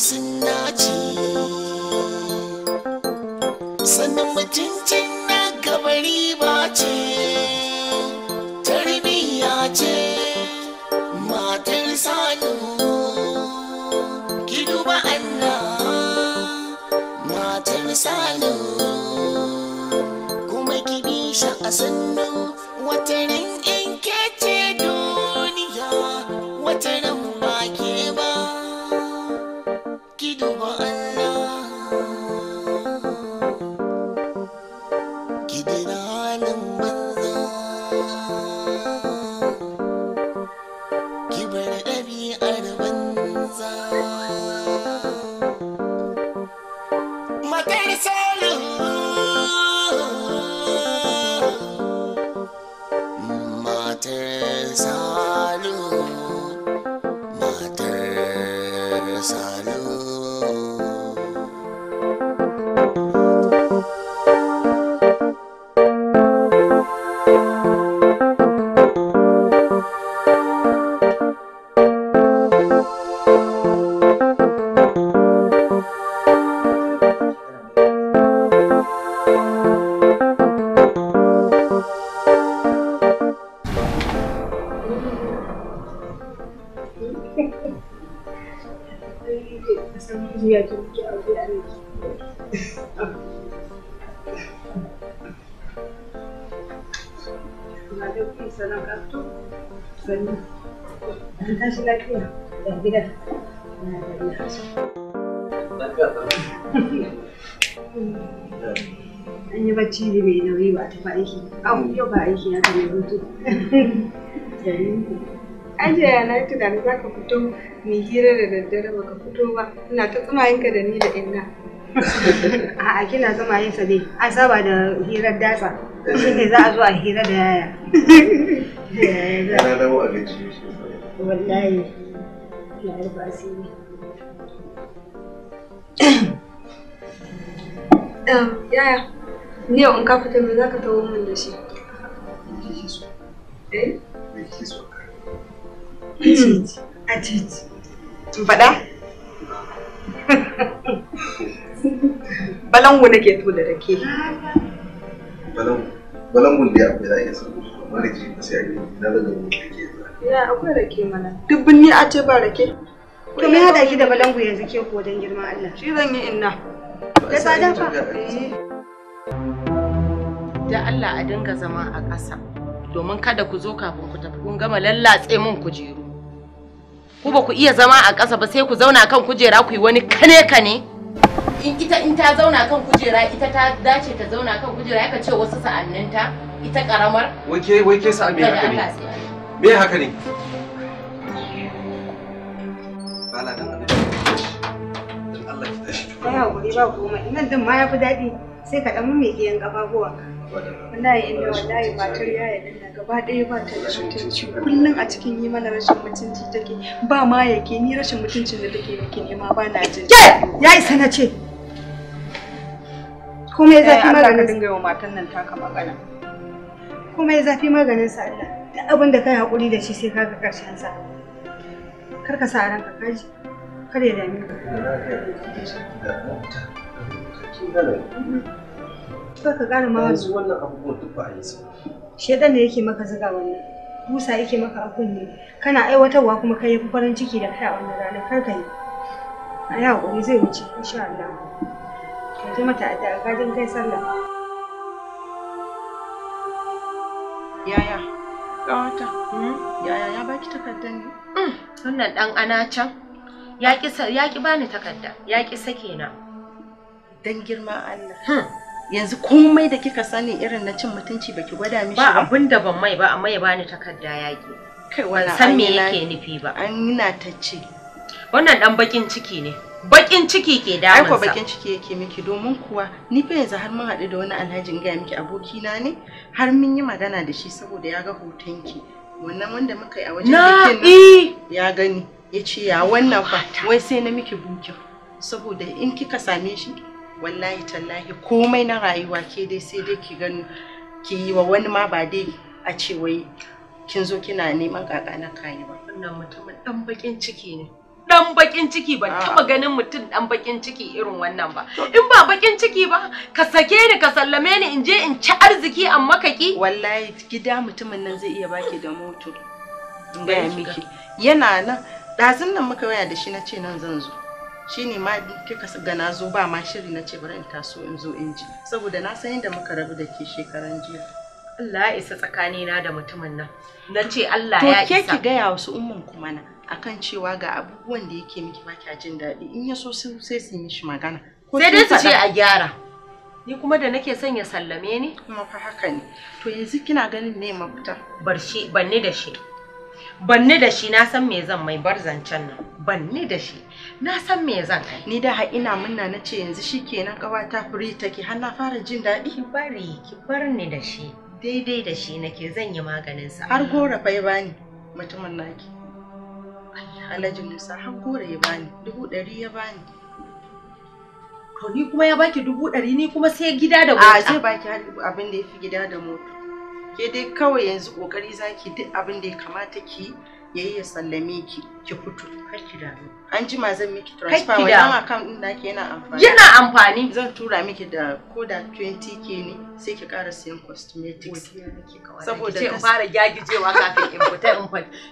sun dace sannan mutuncin na gabariba ba ce tarbiyya ce matar sanu ki duba Allah matar sanu kuma ki bi shi a sannu Malauki sanan kaftu sannu. An tashi da gida. Na gari An yi a tafi yi tunanin za ka fito hira da daddare ba ka fito ba. Ina ta da ni da inna. kina zama yin sa dai, an saba da hirar dasa. shi za a zo a hira da yaya yana dawo a gaji wallahi ya yaya ni yau in ka fita me za ka tawo min da shi eh? Eh? a titi faɗa balangu nake to da rake balangun da ya akwai za a iya samu amma da ke sai a gani na daga mu take ya akwai rake mana duk binni a ce ba rake to me hada ki da balangu yanzu ke ko dan girman Allah shi zan yi inna da tsada fa da Allah a dinga zama a ƙasa domin kada ku zo kafin ku tafi kun gama lallatse mun kujeru ku ba ku iya zama a ƙasa ba sai ku zauna kan kujera ku yi wani kane kane in ita in ta zauna kan kujera ita ta dace ta zauna kan kujera yaka ce wasu sa'annin ta ita karamar wake wake sa'a me haka ne me haka ne bala dan Allah ya Allah ki tashi kai ba goma nan din ma yafi daɗi sai ka dan mai giyan gowa wallahi inda wallahi matar ya yi nan gaba ɗaya ba ta da mutunci kullun a cikin yi mana rashin mutunci take ba ma yake ni rashin mutuncin da take ne nema ba na jin ke yayi sanace ce komai eh, zafi maganin dinga wa matan nan taka magana komai zafi maganin sa Allah duk abin da kai hakuri da shi sai ka ga karshen sa kar ka sa ranka ji. kar ya dame ka ba ka ƙara ma yanzu wannan abubuwan duk ba a yi sa. shedan ne yake maka zuga wannan busa yake maka abun ne kana aiwatarwa kuma kai yi farin ciki da kai a wannan ranar kar ka yi a yi hakuri zai wuce insha Allah ji mata addu'a kai sallah yaya ƙawata hmm? yaya ya baki takardar ne hmm, wannan ɗan ana can ya ki bani takarda ya sake na dan girma Allah hmm. yanzu komai da kika sani irin na cin mutunci baki gwada mishi ba abin da ban mai ba amma ya bani takarda ya kai wala san me yake nufi ba an ta ce wannan ɗan bakin ciki ne bakin ciki ke damunsa. ko bakin ciki yake miki domin kuwa ni fa yanzu har mun haɗu da wani alhaji ga miki abokina ne har mun yi magana da shi saboda ya ga hotonki. Wannan wanda muka yi a wajen bikin ya gani ya ce ya wannan fa wai sai na miki bukin saboda in kika same shi wallahi tallahi komai na rayuwa ke dai sai dai ki gano ki yi wa wani ma ba dai a ce wai kin zo kina neman kaka na kayi ba. Wannan mutumin dan bakin ciki ne. dan bakin ciki ban ah. taba ganin mutum dan bakin ciki irin wannan ba in ba bakin ciki ba ka sake ni ka sallame ni in je in ci arziki an maka ki wallahi gida mutumin nan zai iya baki da moto in ga miki yana nan ɗazun nan muka waya da shi na ce nan zan zo shine ma kika ga na zo ba ma shiri na ce bari in taso in zo in ji saboda na san yadda muka rabu da ke shekaran jiya Allah ya isa tsakanina da mutumin nan na ce Allah ya isa to ke ki gaya ya wasu umman kuma na akan cewa ga abubuwan da yake miki ba kya jin daɗi in ya so sai su yi mishi magana sai dai su ce a gyara ni kuma da nake son ya sallame ni kuma fa haka ne to yanzu kina ganin ne mafita bar shi banne da shi banne da shi na san me zan mai bar zancen nan banne da shi na san me zan kai ni da ina munna na ce yanzu shikenan kawata fure take har na fara jin daɗi ki bari ki bar ni da shi daidai da shi nake zan yi maganin sa har gora fa bani mutumin naki alhaji musa har gora ya bani dubu ɗari ya bani to ni kuma ya baki dubu ɗari ni kuma sai gida da mota a sai baki abin da ya fi gida da mota ke dai kawai yanzu kokari zaki duk abin da ya kamata ki yayi ya sallame ki ki fito har ki damu an jima zan miki transfer wannan account din naki yana amfani yana amfani zan tura miki da koda 20k ne sai ki ƙara siyan cosmetics saboda in fara gyagijewa kafin in fita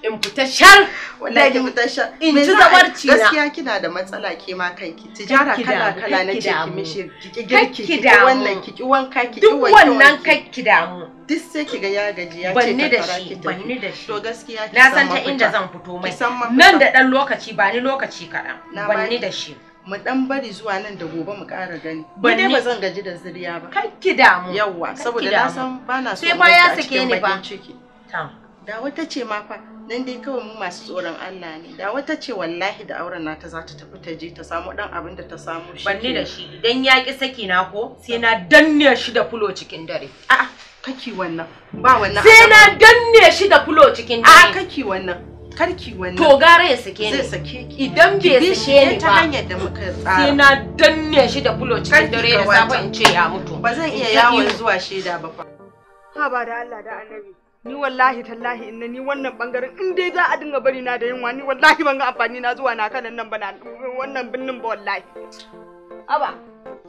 in fita shar wallahi ki fita shar in ci zabarci na gaskiya kina da matsala ke ma kanki tijara kala kala na ce ki mishi ki girki ki wannan ki ki wanka ki ki wanki duk wannan kakki damu duk sai ki ga ya gaji ya ce ta fara ki ta banni da shi to gaskiya ki san ta inda zan fito mai nan da dan lokaci ba ni lokaci lokaci kaɗan banni da shi mu dan bari zuwa nan da gobe mu ƙara gani ba dai ba zan gaji da zuriya ba kakki damu yawa saboda na san ba na so sai ba ya sake ni ba da wata ce ma fa nan dai kawai mu masu tsoron Allah ne da wata ce wallahi da auren nata za ta tafi ta je ta samu dan abin da ta samu shi banni da shi idan ya ki saki na ko sai na danne shi da fulo cikin dare a'a kaki wannan ba wannan sai na danne shi da fulo cikin dare a'a kaki wannan karki wannan to gara ya sake ni zai sake ki idan bai sake ni ta hanyar da muka tsara sai na danne shi da bulo cikin dare da safe in ce ya mutu ba zan iya yawon zuwa shaida ba fa ha ba da Allah da annabi ni wallahi tallahi inna ni wannan bangaren in dai za a dinga bari na da yunwa ni wallahi ban ga amfani na zuwa na kanan nan ba na wannan binnin ba wallahi aba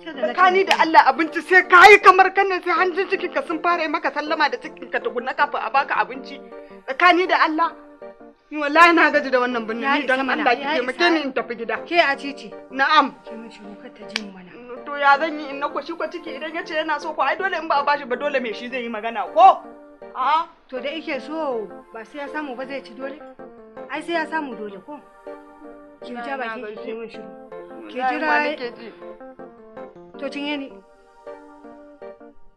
tsakani da Allah abinci sai kayi kamar kannan sai hanjin cikin ka sun fara maka sallama da cikin ka tukunna kafin a baka abinci tsakani da Allah wallahi na gaji da wannan birni ni dan Allah ki taimake ni in tafi gida. Ke a cici. Na'am. ke mu ci ta jin mana. To ya zan yi in na kwashi kwa ciki idan yace yana so ko ai dole in ba a bashi ba dole me shi zai yi magana ko? A to da yake so ba sai ya samu ba zai ci dole. Ai sai ya samu dole ko? Ki ta ba ki mun shiru. Ki jira. To cinye ni.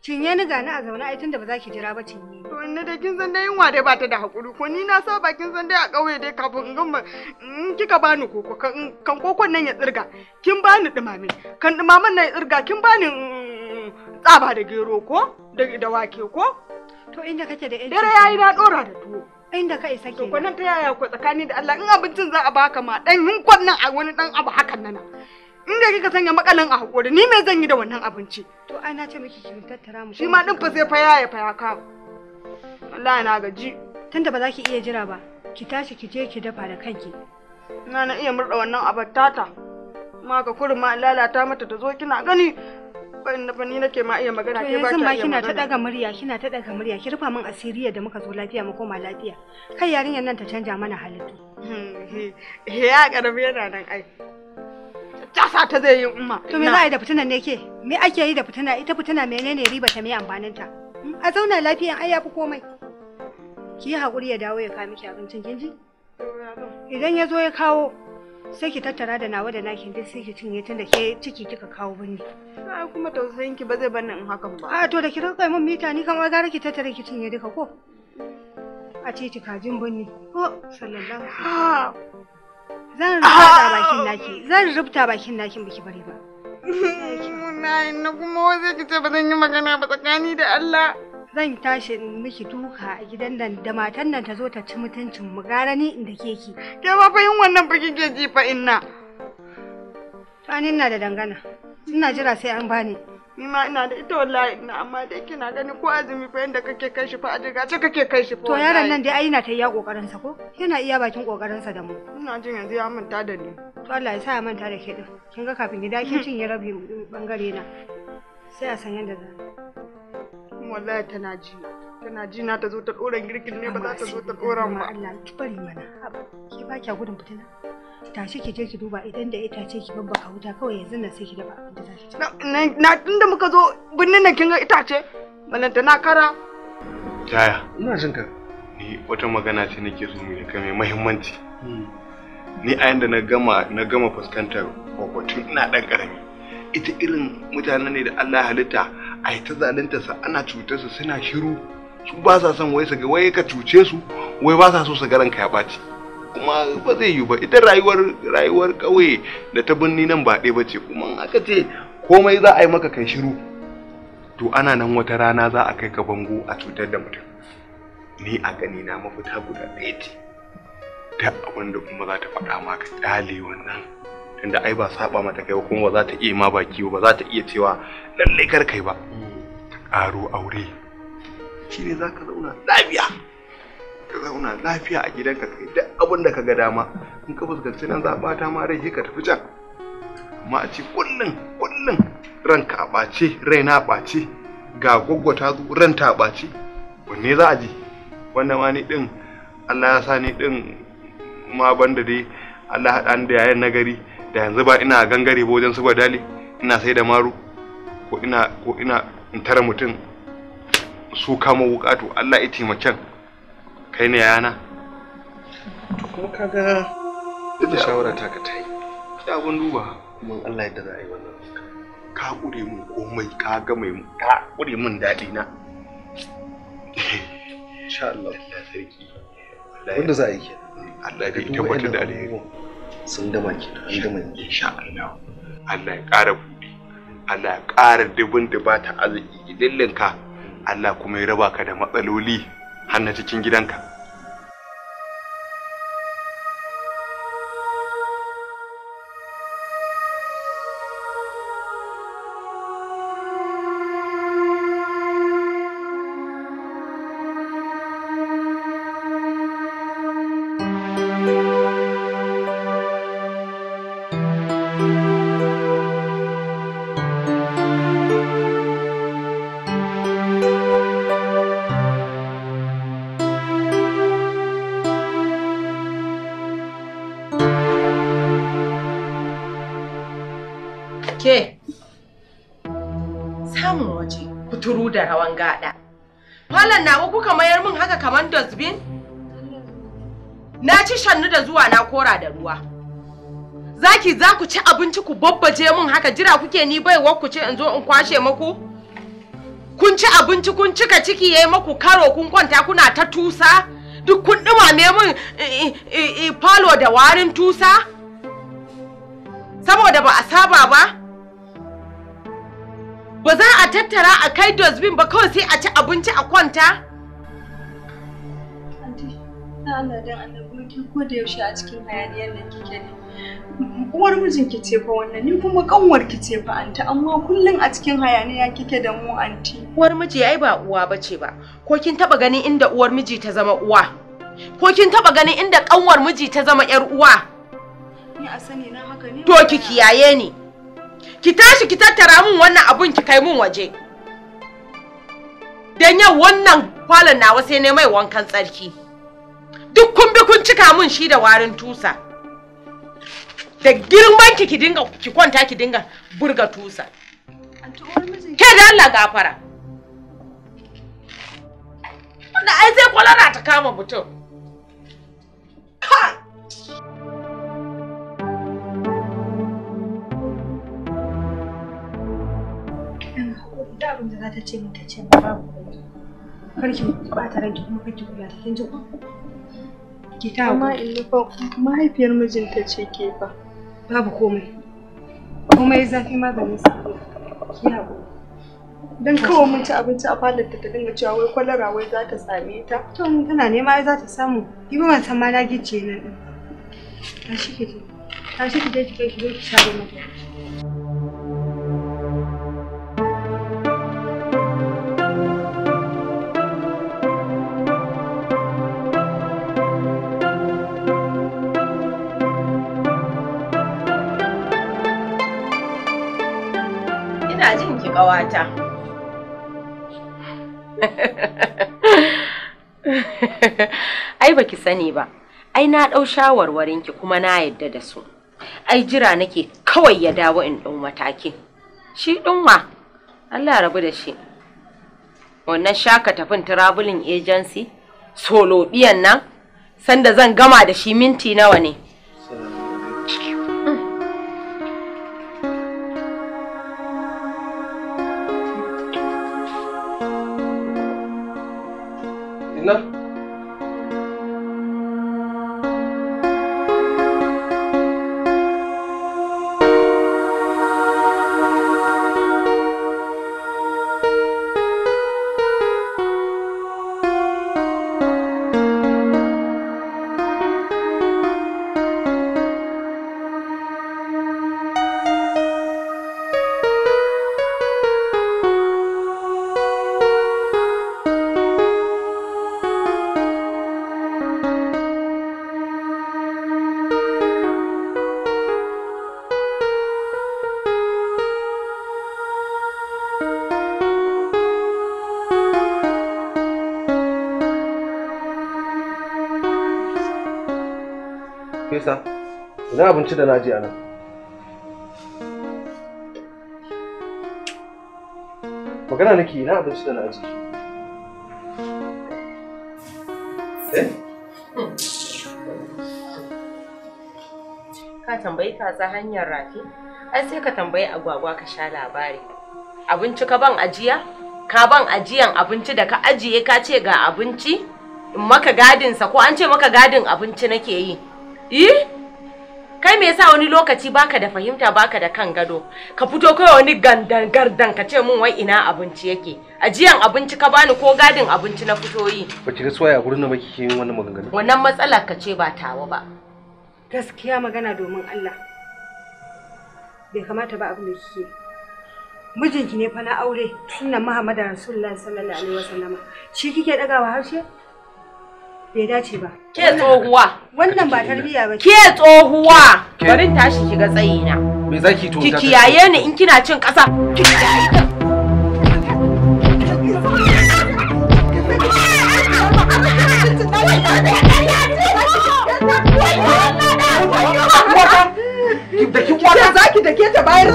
Cinye ni gani a zaune ai tunda ba za ki jira ba cinye. To inna da kin san dai yunwa dai ba ta da hakuri ko ni na saba kin san dai a kauye dai kafin in gama in kika bani koko kan kokon nan ya tsirga kin bani dumame kan dumaman nan ya tsirga kin bani mm, tsaba da gero ko da wake ko. To inda kake da ilimi Dare yayi na dora da tuwo. Inda ka isa kenan. To kwanan ta yaya ko tsakani da Allah in abincin za a baka ma dan hinkon nan a wani dan abu hakan nan. in da kika sanya makalan a hakuri ni me zan yi da wannan abinci to ai na ce miki ki tattara mu shi ma din fa sai fa yaya fa ya kawo wallahi na gaji tunda ba za ki iya jira ba ki tashi ki je ki dafa da kanki Ina na iya murda wannan abattata ma ga kurin ma lalata mata ta zo kina gani wanda fa ni nake ma iya magana ke ba ta iya kina ta daga murya kina ta daga murya ki rufa min asiriya da muka zo lafiya mu koma lafiya kai yarinyar nan ta canja mana halittu hmm, he ya karbi yana nan ai jasa ta zai yi umma. To me za a yi da fitinan ne ke? Me ake yi da fitina? Ita fitina menene riba ta mai amfanin ta? Hmm? A zauna lafiyan ai yafi komai. Ki yi haƙuri ya dawo ya kawo miki abincin kin ji? Idan ya zo ya kawo sai ki tattara da nawa da naki duk sai ki cinye tun da ke ciki kika kawo bane. Ah kuma tausayin ki ba zai bar nan in hakan ba. A to da ki rinka min mita ni kamar gara ki tattara ki cinye duka ko? A ce ki kajin bane. Ko oh, sallallahu alaihi wasallam. Zan ah! rubuta bakin naki, zan rubuta bakin nakin biki bari ba. Na na kuma wai ki ce ba zan yi magana ba tsakani da Allah. Zan tashi miki duka a gidan nan da matan nan ta zo ta ci mutuncin mu gara ni inda ke ki. Ke ba fa yin wannan bakin ke ji fa inna. na da dangana. ina jira sai an bani ni ma ina da ita wallahi ina amma dai kina gani ko azumi fa yanda kake kai shi fa a jiga ce kake kai shi fa to yaron nan dai ai ina ta iya kokarin sa ko yana iya bakin kokarin sa da mu ina jin yanzu ya manta da ni to Allah ya sa ya manta da ke din kin ga kafin gida kin cinye rabi bangare na sai a san yanda za wallahi tana ji tana ji na ta zo ta dora girkin ne ba za ta zo ta dora ba Allah ki bari mana ki ba ki gudun fitina tashi ki je ki duba idan da itace ki babba ka wuta kawai yanzu nan sai ki dafa abin da zaki ci na tunda muka zo binnin nan kin ga itace balanta na kara taya ina jin ka ni wata magana ce nake so mu da mai muhimmanci hmm. ni a yanda na gama na gama fuskantar kwakwatin ina dan karami ita irin mutanen ne da Allah halitta a yi ta zalunta sa ana cutar su suna shiru su ba sa son wai su ga wai ka cuce su wai ba sa so su ga ranka ya ɓaci kuma ba zai yiwu ba ita rayuwar rayuwar kauye da ta birni nan ba ɗaya bace kuma aka ce komai za a yi maka kai shiru to ana nan wata rana za a kai ka bango a cutar da mutum ni a gani na mafita guda ɗaya ce ta abin kuma za ta faɗa ma ka wannan tunda ai ba saba mata kai ba kuma ba za ta iya ma baki ba za ta iya cewa lallai kar kai ba ƙaro aure shi ne za ka zauna lafiya ka zauna lafiya a gidanka kai duk abin da ka ga dama in ka fuskanci nan zaɓa ta ma rai ka tafi can amma a ce kullum kullum ranka a ɓace raina a ɓace ga gwaggwa ta zo ranta a ɓace wanne za a ji Wannan ma ni ɗin Allah ya sa ni ɗin ma banda dai Allah haɗa da yayan nagari da yanzu ba ina gangare ba wajen suba dali ina sai da maru ko ina ko ina in tara mutum su kama wuƙa to Allah ya taimakon kai ne yana to kuma kaga duk shawara ta ka ta'i. yi da abun duba kuma Allah yadda za a yi wannan ka kure mun komai ka ga mai ka kure mun dadi na insha Allah sarki wanda za a yi ke Allah ya tabbatar da alheri sun gama kenan an gama insha Allah Allah ya ƙara buɗe Allah ya ƙara dubin da ba ta arziki dillinka Allah kuma ya raba ka da matsaloli Hannu cikin gidanka mamaki za ku ci abinci ku babbaje mun haka jira kuke ni baiwa ku ce in zo in kwashe maku? Kun ci abinci kun cika ciki yayi maku karo kun kwanta kuna ta tusa? Duk kun me mun falo da warin tusa? Saboda ba a saba ba? Ba za a tattara a kai dosbin ba kawai sai a ci abinci a kwanta? Allah don Allah ko da yaushe a cikin hayaniyar da kike ne. uwar ki ce fa wannan ni kuma kanwar ki ce fa anti amma kullun a cikin hayaniya kike da mu anti uwar miji ai ba uwa bace ba ko kin taba ganin inda uwar miji ta zama uwa ko kin taba ganin inda kanwar miji ta zama yar uwa ni a sani na haka ne to ki kiyaye ni ki tashi ki tattara min wannan abun ki kai min waje dan yau wannan kwalan nawa sai ne mai wankan tsarki duk kun bi kun cika min shi da warin tusa da girman ki ki dinga ki kwanta ki dinga burga tusa ke da Allah gafara wanda ai sai kwalara ta kama mutum da za ta ce mata ce ba babu karki mahaifiyar mijinta babu komai komai zafi maganin sa ki haƙuri dan kawai mun ci abinci a falon ta dinga cewa wai kwalara wai za ta same ta to mun tana nema ai za ta samu ki ba san ma na gice nan din tashi ki ta tashi ki je ki kai ki ki sha mata ƙawata. Ai baki sani ba, ai na ɗau ki kuma na yadda da su. Ai jira nake kawai ya dawo in ɗau matakin. Shi ɗinwa, Allah rabu da shi. Wannan shaka tafin traveling agency, solo nan, sanda zan gama da shi minti nawa ne. है ना na abinci da na je anan magana nake na abinci da na aji eh? ka tambayi kaza hanyar rafi ai sai ka tambayi agwagwa ka sha labari abinci ka ban ajiya ka ban ajiyan abinci da ka ajiye ka ce ga abinci in maka gadinsa ko an ce maka gadin abinci nake yi yi kai me yasa wani lokaci baka da fahimta baka da kan gado ka fito kai wani gandan gardan ka ce mun wai ina abinci yake ajiyan abinci ka bani ko gadin abinci na fito yi ba ki ga soyayya gurin da baki yin wannan maganganu wannan matsala ka ce ba tawa ba gaskiya magana domin Allah bai kamata ba abin da kike mijinki ne fa na aure sunan Muhammadu Rasulullahi sallallahu alaihi wasallama shi kike dagawa harshe bai dace ba. Ke tsohuwa. Wannan ba tarbiyya ba. Ke tsohuwa. Bari tashi ga tsayi na. Me zaki to? Ki kiyaye ni in kina cin ƙasa. Ki kiyaye Da da ta bayar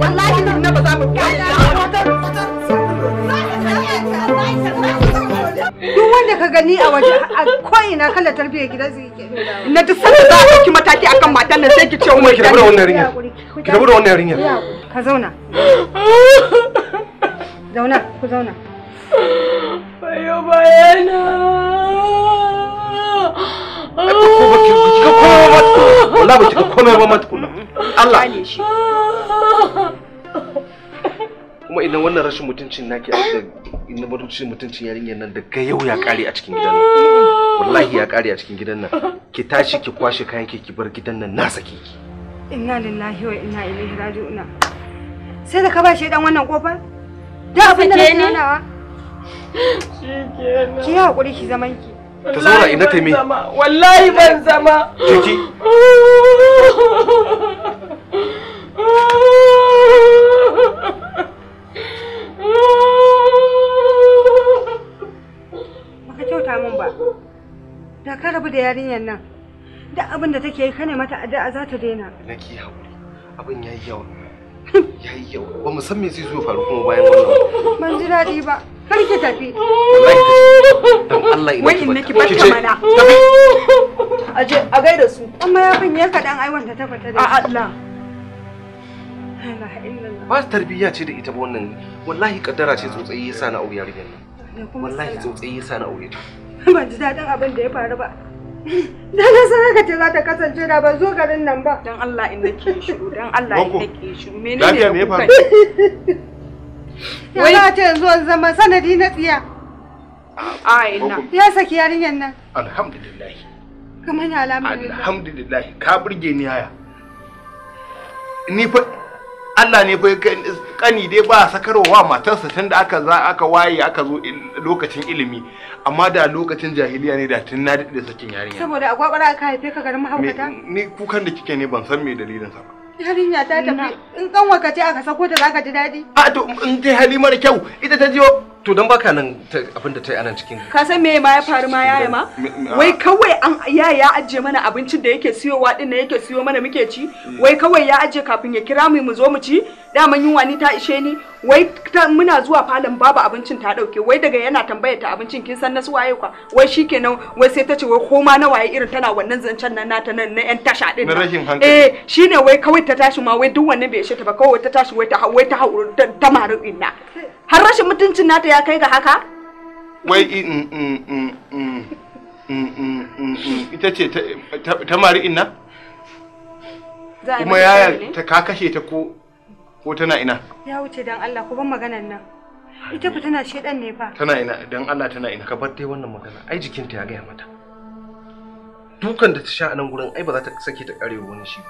Wallahi na ba za mu kai duk wanda ka gani a waje a ko'ina kala tarbiyyar gida zai yake na duk sanin za a ki mataki akan matan nan sai ki ce umar ki rabu da wannan yarinyar ki rabu da wannan yarinyar ka zauna zauna ku zauna bayo bayana Allah ba ki ka komai ba wala ba Allah ne shi kuma idan wannan rashin mutuncin naki da inda mutuncin mutuncin yarinyar nan daga yau ya kare a cikin gidan nan wallahi ya kare a cikin gidan nan ki tashi ki kwashe kayan ki ki bar gidan nan na sake ki inna lillahi wa inna ilaihi raji'un sai da ka ba shi dan wannan kofar da abin da nake nanawa shikenan ki hakuri ki zaman ki ta zauna ina ta me wallahi ban zama ki ba da ka rabu da yarinyar nan da abin da take yi kane mata addu'a za ta daina laki haƙuri abin yayi yawa yayi yawa ba mu san me zai zo faru kuma bayan wannan ban ji daɗi ba kar ki tafi dan Allah ina ki ba ki ba ki mana aje a gaida su amma ya fin ya kadan ai wanda ta fata da A Allah ba ta tarbiyya ce da ita ba wannan wallahi kaddara ce tsotsayi yasa na aure yarinyar nan wallahi tsotsayi yasa na aure ta ban ji daɗin abin da ya faru ba da na san haka ce za ta kasance da ban zo garin nan ba don Allah in nake shiru don Allah in nake shiru menene ne kuka ya na ce yanzu an zama sanadi na tsiya a ina ya saki yarinyar nan alhamdulillah kamar ya alhamdulillah alhamdulillah ka burge ni haya ni fa Allah ne bai kani dai ba sakarwa matarsa tun da aka za aka waye aka zo lokacin ilimi amma da lokacin jahiliya ne da tun na da sakin yarinya saboda a gwagwara aka haife ka garin mahaukata ni kukan da kike ne ban san me dalilin sa ba yarinya ta tafi in kanwa ka aka sako ta zaka ji dadi a to in ta hali mara kyau ita ta jiwo to dan baka nan abin da ta yi anan cikin ka san me ma ya faru ma yaya ma wai kawai an ya ya aje mana abincin da yake siyowa din yake siyo mana muke ci mm. wai kawai ya aje kafin ya kira mu mu zo mu ci daman yunwa ni ta ishe ni wai muna zuwa falon babu abincin ta dauke wai daga yana tambaya ta abincin kin san na su waye kwa wai shikenan wai sai ta ce wai koma na waye irin tana wannan zancen nan nata nan na yan tasha din na rashin hankali eh shine wai kawai ta tashi ma wai duk wannan bai ishe ta ba kawai ta tashi wai ta wai ta hauru ta maru inna har rashin mutuncin nata ya kai ga haka wai mm, mm, mm, ita ce ta mari inna kuma yaya ta ka kashe ta ko ko tana ina ya wuce dan Allah ku ban maganar nan ita ku tana shedan ne fa tana ina dan Allah tana ina ka bar dai wannan magana ai jikinta ya gaya mata dukan da ta sha a nan gurin ai ba za ta sake ta karewa wani shi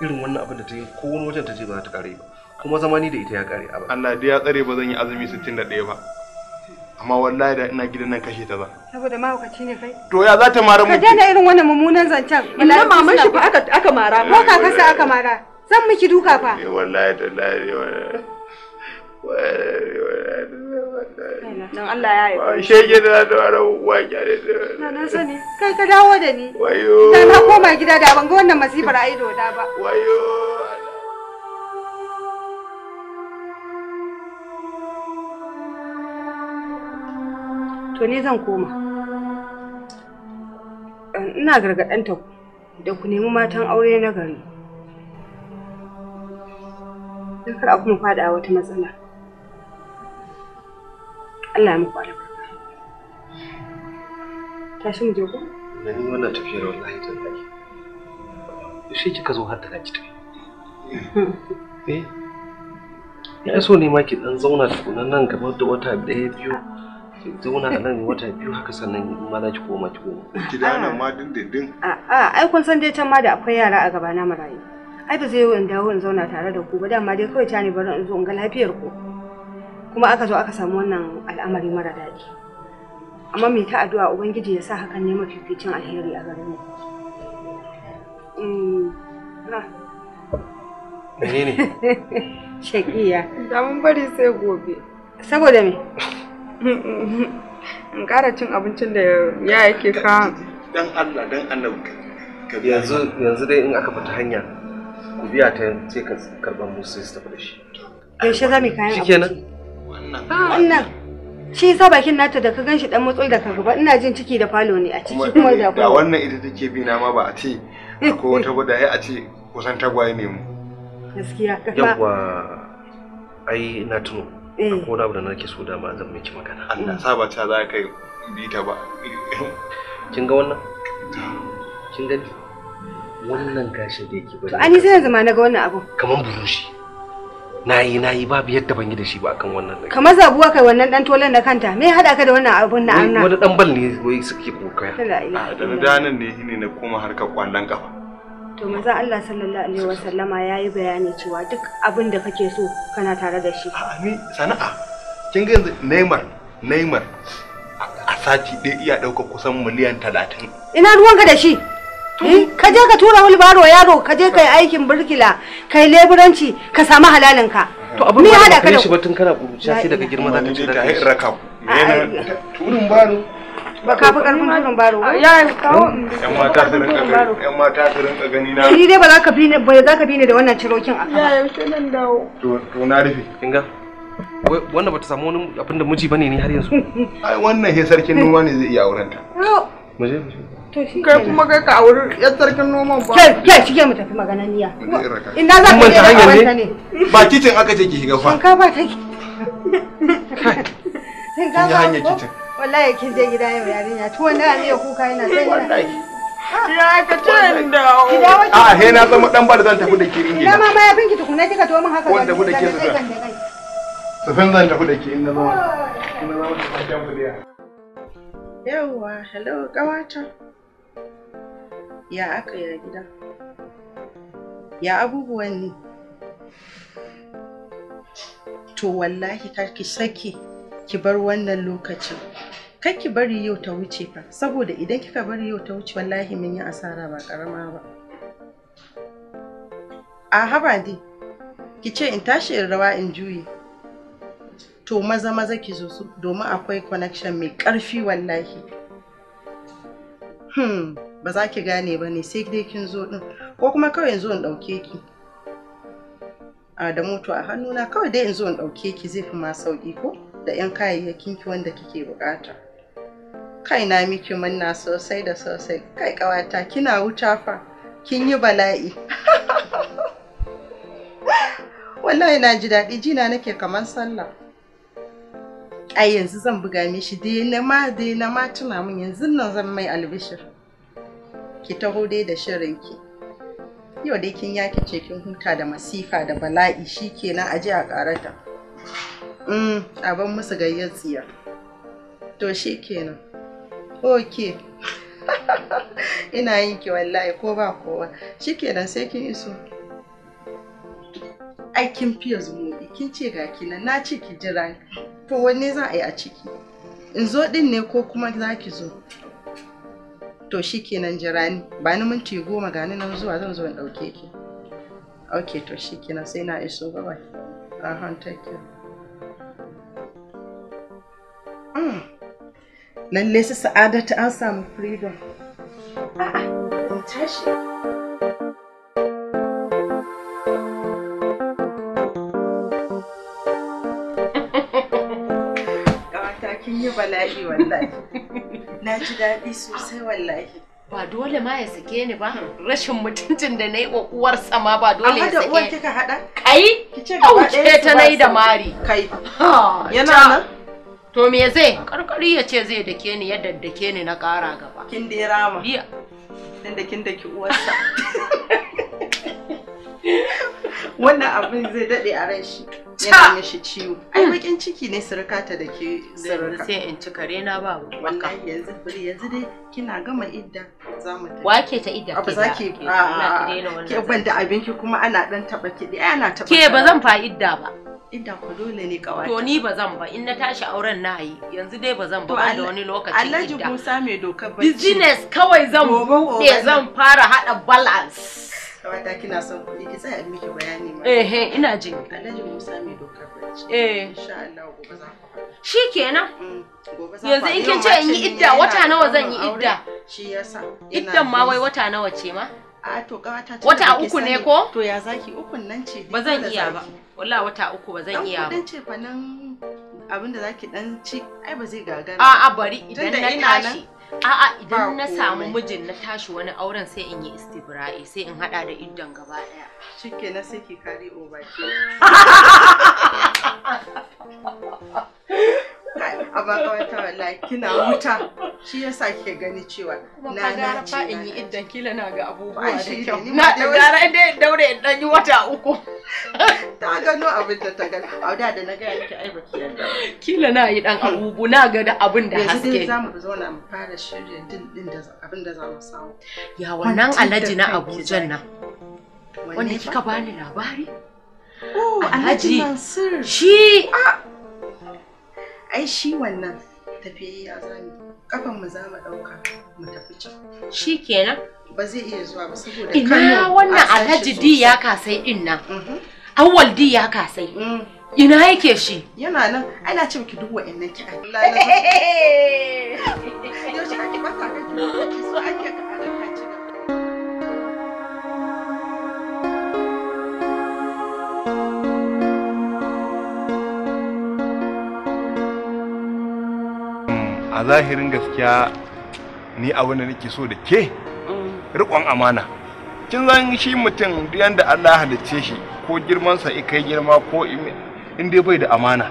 irin wannan abin da ta yi ko wani wajen ta je ba za ta kare ba kuma zamani da ita ya kare abin Allah dai ya tsare ba zan yi azumi 61 ba amma wallahi da ina gidan nan kashe ta ba saboda mahaukaci ne kai to ya za ta mara mu ka daina irin wannan mummunan zancen Ina maman shi fa aka aka mara ko kasa aka mara zan miki duka fa Eh wallahi da wallahi. dan Allah ya yi shege da da waran waki da na na sani kai ka dawo da ni wayo Dan na koma gida da ban ga wannan masifar a ido da ba wayo to ne zan koma ina gargaɗanta ku da ku nemi matan aure na gari don kar a kuma fada wata matsala Allah ya muku albarka tashi mu je ku? na ni wannan tafiyar wallahi ta tsaki shi kika zo har da naki tafi hmm. eh ya so ne ma ki dan zauna tukunan nan gaba da wata ɗaya biyu ki zauna a nan wata biyu haka sannan ma za ki koma ki koma ki dana ma dindindin a'a ai kun san dai can ma da akwai yara a gaba na marayu ai ba zai in dawo in zauna tare da ku ba dama dai kawai ta ne bari in zo in ga lafiyar ku kuma aka zo aka samu wannan al'amari mara daɗi amma mai ta addu'a ubangiji ya sa hakan ne mafificin alheri a garin mu mm, menene shakiya da mun bari sai gobe saboda me in ƙara cin abincin da ya yake ka dan Allah dan yanzu yanzu dai in aka fita hanya ku biya ta sai ka karɓar musu su tafi da shi yaushe za mu kayan abinci kenan wannan ah, wannan shi yasa bakin nata da ka ganshi dan matsol da ka gaba ina jin ciki da falo ne a ciki kuma da kuma wannan ita take bi na ma ba a ce akwai wata ba da ai a ce kusan tagwaye ne mu gaskiya ka yawa ai na tuno eh. ko da abu da nake so dama zan miki magana Allah ba ta za ka yi ta ba kin ga wannan kin gani wannan gashi da yake bari to ani sai zama na ga wannan abu kaman burushi nayi nayi babu yadda ban yi da shi ba akan wannan ɗin kamar zabuwa kai wannan dan tolan na kanta me ya hada ka da wannan abun na Anna? wani dan bal ne wai suke kokaya da na danan ne shine na koma harkar kwandan kafa to maza Allah sallallahu alaihi wasallama yayi bayani cewa duk abin da kake so kana tare da shi a ni sana'a kin ga yanzu Neymar Neymar a sati ɗaya iya ɗaukar kusan miliyan talatin. Ina ruwanka da shi? Eh, ka je ka tura baro yaro ka je ka yi aikin burkila ka yi leburanci ka samu halalin ka to abin ba da kai shi batun kana kuruciya sai daga girma zaka ci daga kai raka turun baro ba ka fi karfin turun baro ya kawo hmm. yan mata su rinka gani yan mata su rinka gani na eh, ni dai ba za ka bi ne ba za ka bi ne da wannan cirokin a ya yaushe nan dawo to to na rufe ga wannan bata samu wani abin da miji bane ne har yanzu ai wannan he sarkin noma ne zai iya aurenta mu je mu je kai kuma kai ka auri yan sarkin noma ba kai kai shige mu tafi magananiya ina za ka je da wanta ne ba kicin aka ce ki shiga fa k'a ba ta ki shinkafa hanya kicin wallahi kin je gida yau yarinya tuwon da ne ya kuka yana sai wallahi ya ka tun da a he na zama dan bar zan tafi da kirin gida ma ma ya finki tukuna kika to min haka wanda kuda ke zan sufin zan tafi da ki in na zama in na zama da kyan fuliya yawwa hello kawata Ya aka ya gida? Ya abubuwan ne? To wallahi kar ki saki ki bar wannan lokacin. Kar ki bari yau ta wuce fa, saboda idan kika bari yau ta wuce wallahi mun yi asara ba karama ba. A haba dai, ki ce in tashi in rawa in juye. To maza maza ki zo su domin akwai connection mai ƙarfi wallahi. Hmm. ba za ki gane ba ne sai dai kin zo din ko kuma kawai yanzu in ɗauke ki a da moto a hannuna kawai dai in zo in ɗauke ki zai fi ma sauƙi ko da 'yan kayayyakin ki wanda kike bukata kai na miki manna sosai da sosai kai ƙawata kina wuta fa kin yi bala'i wallahi na ji daɗi jina nake kamar sallah ai yanzu zan buga mishi dai na ma dai na ma tuna min yanzu nan zan mai albishir ki taho dai da ki. yau dai kin yaki ce kin huta da masifa da bala'i shikenan a ji a karata mm abin musu gayyar tsiya to shikenan okay ina yin ki wallahi ko ba kowa shikenan sai kin iso ai kin fiye zumuɗi kin ce ga kinan na ce ki jira to wanne za a yi a ciki in zo din ne ko kuma za ki zo to shi kenan jira ni ba ni minti goma gani nan zuwa zan zo in ɗauke ki ok to shi kenan sai na iso ba aha take care hmm. lalle su sa'adatu an samu freedom a'a tashi yi bala'i wallahi. Na ji daɗi sosai wallahi. Ba dole ma ya sake ni ba, rashin mutuncin da na yi wa uwarsa ma ba dole ya sake. Amma da uwar kika haɗa? Kai? Auce ta na yi da mari. Kai. Yana nan? To me zai? Karkari ya ce zai dake ni yadda dake ni na kara gaba. Kin dai rama. biya Dan da kin da daki uwarsa. wannan abin zai daɗe a ran shi yana mishi ciwo ai hmm. bakin ciki ne surukata da ke suruka sai in ci kare na ba wallahi yanzu buri yanzu dai kina gama idda za mu tafi wake ta idda ke za ki ke ban da ki, kuma ana dan taba dai ana taba ke ba zan fa idda ba Idda ku dole ne kawai. To ni ba zan ba in na tashi auren na yi yanzu dai ba zan ba da wani lokaci. idda. ji Musa mai dokar bacci. Business kawai zan buɗe zan fara haɗa balance. kawata kina son kuɗi ki tsaya miki bayani ma eh ina jin. alhaji musa mai eh insha Allah gobe za ku shikenan mm, yanzu in kin ce in yi idda wata nawa zan yi idda shi yasa iddan ma wai wata nawa ce ma a to kawata wata uku ne ko to ya zaki nan ce ba zan iya ba wallahi wata uku ba zan iya ba dan ce fa nan abin da zaki dan ci ai ba zai gagara a'a bari idan na tashi a idan na samu mijin na tashi wani auren sai in yi istibra'i sai in hada da idon gaba daya shike na saki kare obaki abba kawata wallahi kina wuta shi yasa kike gani cewa na na ci in yi iddan kila na ga abubuwa da kyau na da gara dai daure in dan yi wata uku ta gano abin da ta gani a da da na ga yake ai baki yanda kila na yi dan abubu na ga da abin da haske yanzu dai zamu zauna mu fara shirye din din da abin da zamu samu ya wannan alaji na Abuja nan wanda kika bani labari Oh, Alhaji Mansur. Shi ah! ai shi wannan tafiyayya za mu kafan mu za mu ɗauka mu tafi can shi kenan ba zai iya zuwa ba saboda ina wannan alhaji di ya kasai din nan mhm. awwal di ya kasai mm. ina yake shi yana nan ana ce miki duk wa'annan ki Allah yaushe ake ba ta kai ki so ake ka a zahirin gaskiya ni abin da nake so da ke rikon amana kin zan shi mutum yadda Allah halicce shi ko girmansa i kai girma ko in dai bai da amana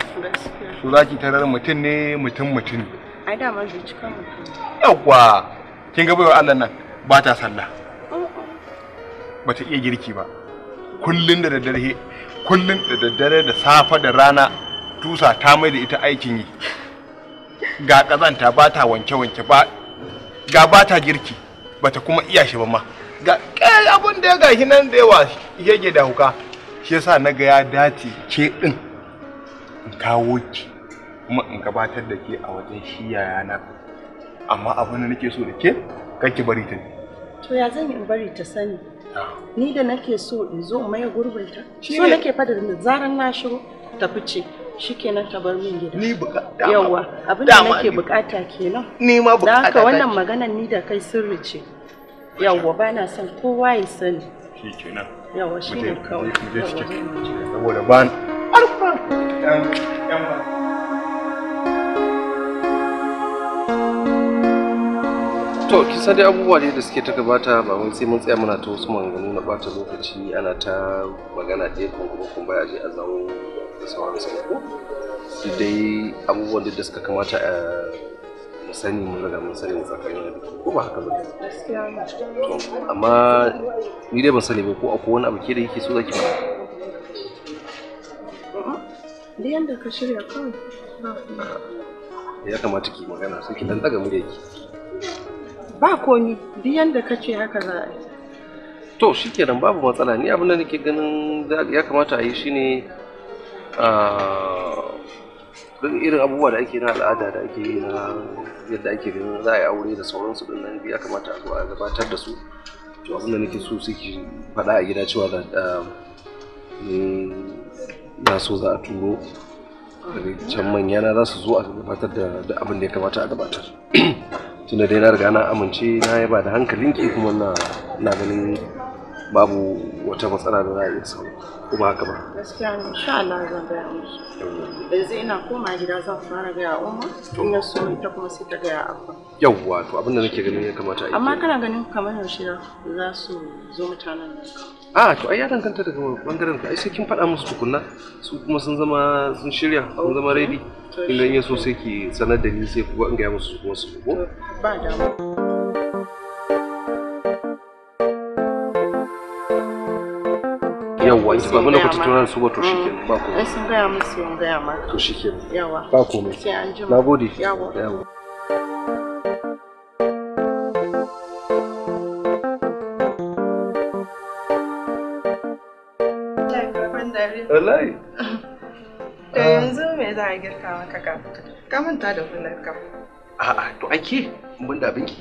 so za ki tarar mutum ne mutum mutum ai zuciya mutum yawwa kin ga baiwa Allah nan ba ta sallah ba ta iya girki ba kullun da daddare kullun da daddare da safa da rana tusa ta mai da ita aikin yi ga kazanta ba ta wanke-wanke ba ga ba ta girki ba ta kuma iya shi ba ma ga kai abun da ya gashi nan da yawa yage da huka shi yasa na ga ya dace ke din in kawo ki kuma in gabatar da ke a wajen shi na amma abin da nake so da ke kake bari ta to ya zan in bari ta sani ah. ni da nake so in zo mai gurbinta so nake fadar da zaran na shigo ta fice shikenan ka bar min gida ni bukata yawa abin da nake bukata kenan ni ma bukata haka wannan maganan ni da kai sirri ce Yawwa ba na son kowa ya sani Yawwa yawa shine kawai saboda ba alfa yan yan to kisa dai abubuwa ne da suke ta gabata ba wai sai mun tsaya muna ta wasu maganganu na bata lokaci ana ta magana ɗaya kuma kuma baya je a zawo da sauran su ko duk dai abubuwan da suka kamata a eh, mu sani mun riga mun sani tsakanin da ko ba haka ba amma ni dai ban sani ba ko akwai wani abu ke da yake so zaki ba da yanda ka shirya kawai ya kamata ki magana sai ki dan daga muryarki. Ba ba komi duk yanda ce haka za a yi to shikenan babu matsala ni abin da nake ganin ya kamata a yi shine Ah, duk irin abubuwa da ake na al'ada da ake yi na yadda ake ganin za a yi aure da sauransu din nan ya kamata a a gabatar da su to abin da nake so suke faɗa a gida cewa da ah, na so za a turo can manya na za su zo a gabatar da abin da ya kamata a gabatar tunda dai na riga na amince na yaba da hankalinki kuma na ganin babu wata matsala da za a iya samu kuma haka ba gaskiya ne insha Allah zan gaya musu yanzu ina koma gida zan fara gaya umma in ya so ita kuma sai ta gaya abba yawwa to abin da nake ganin ya kamata a yi amma kana ganin kamar yaushe za su zo mutanen a to ai ya danganta daga bangaren ka ai sai kin faɗa musu tukunna su kuma sun zama sun shirya sun zama ready in ya so sai ki sanar da ni sai ku ga in gaya musu kuma su ko ba damuwa yawwa ita ba muna kuta su ba to shikenan ba komai eh, sun gaya musu gaya ma to ba komai sai nagode yawwa Wallahi. To eh, yanzu me za a girka maka kafin ka Ka manta da hular ka. A'a to ake mun da abinki.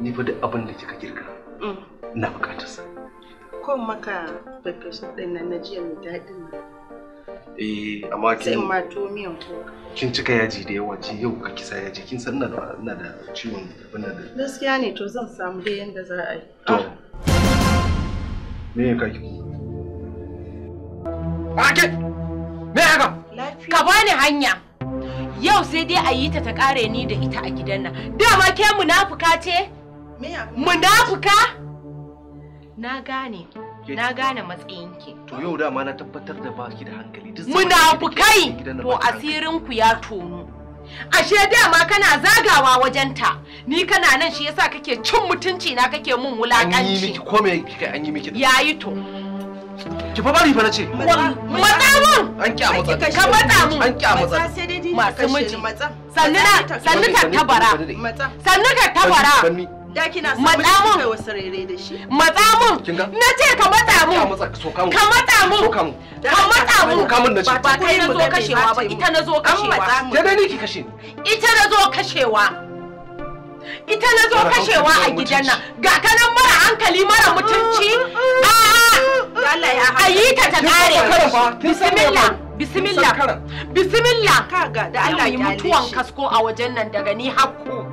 Ni fa duk abin da kika girka. Mm. Ina bukatar sa. ɗauko maka farfesun ɗin na jiya mai daɗin nan. Eh, amma kin... Sai ma tuwo miyan kuka. Kin cika yaji da yawa ce yau ka kisa yaji kin san nan ina da ciwon abin da. Gaskiya ne to zan samu dai yanda za a yi. To. Me ya kaki Ake! Me haka? Ka bani hanya. Yau sai dai a yi ta ta kare ni da ita a gidan nan. Dama ke munafuka ce? Me ya? Munafuka? na gane na gane matsayinki to yau dama na tabbatar da baki ki da hankali duk muna fukai to asirin ku ya tono ashe dama kana zagawa wajenta ni kana nan shi yasa kake cin mutunci na kake mun wulakanci an yi miki ko me kika an yi miki yayi to ki fa bari fa mun an ka matsa mun an masu miji sannu sannu ka tabara sannu ka tabara Da kina wasu rere da shi. Matsa mun. Na ce ka matsa mun. Ka matsa mun. Ka matsa mun. Ka mun. Ka mun Ba kai na zo kashewa ba ita na zo kashewa. Ita na kashewa. a gidan nan. Ga kanan mara hankali mara mutunci. A ta ta kare. Bismillah. Bismillah. Bismillah. Kaga da Allah mutuwan kasko a wajen nan daga ni hakku.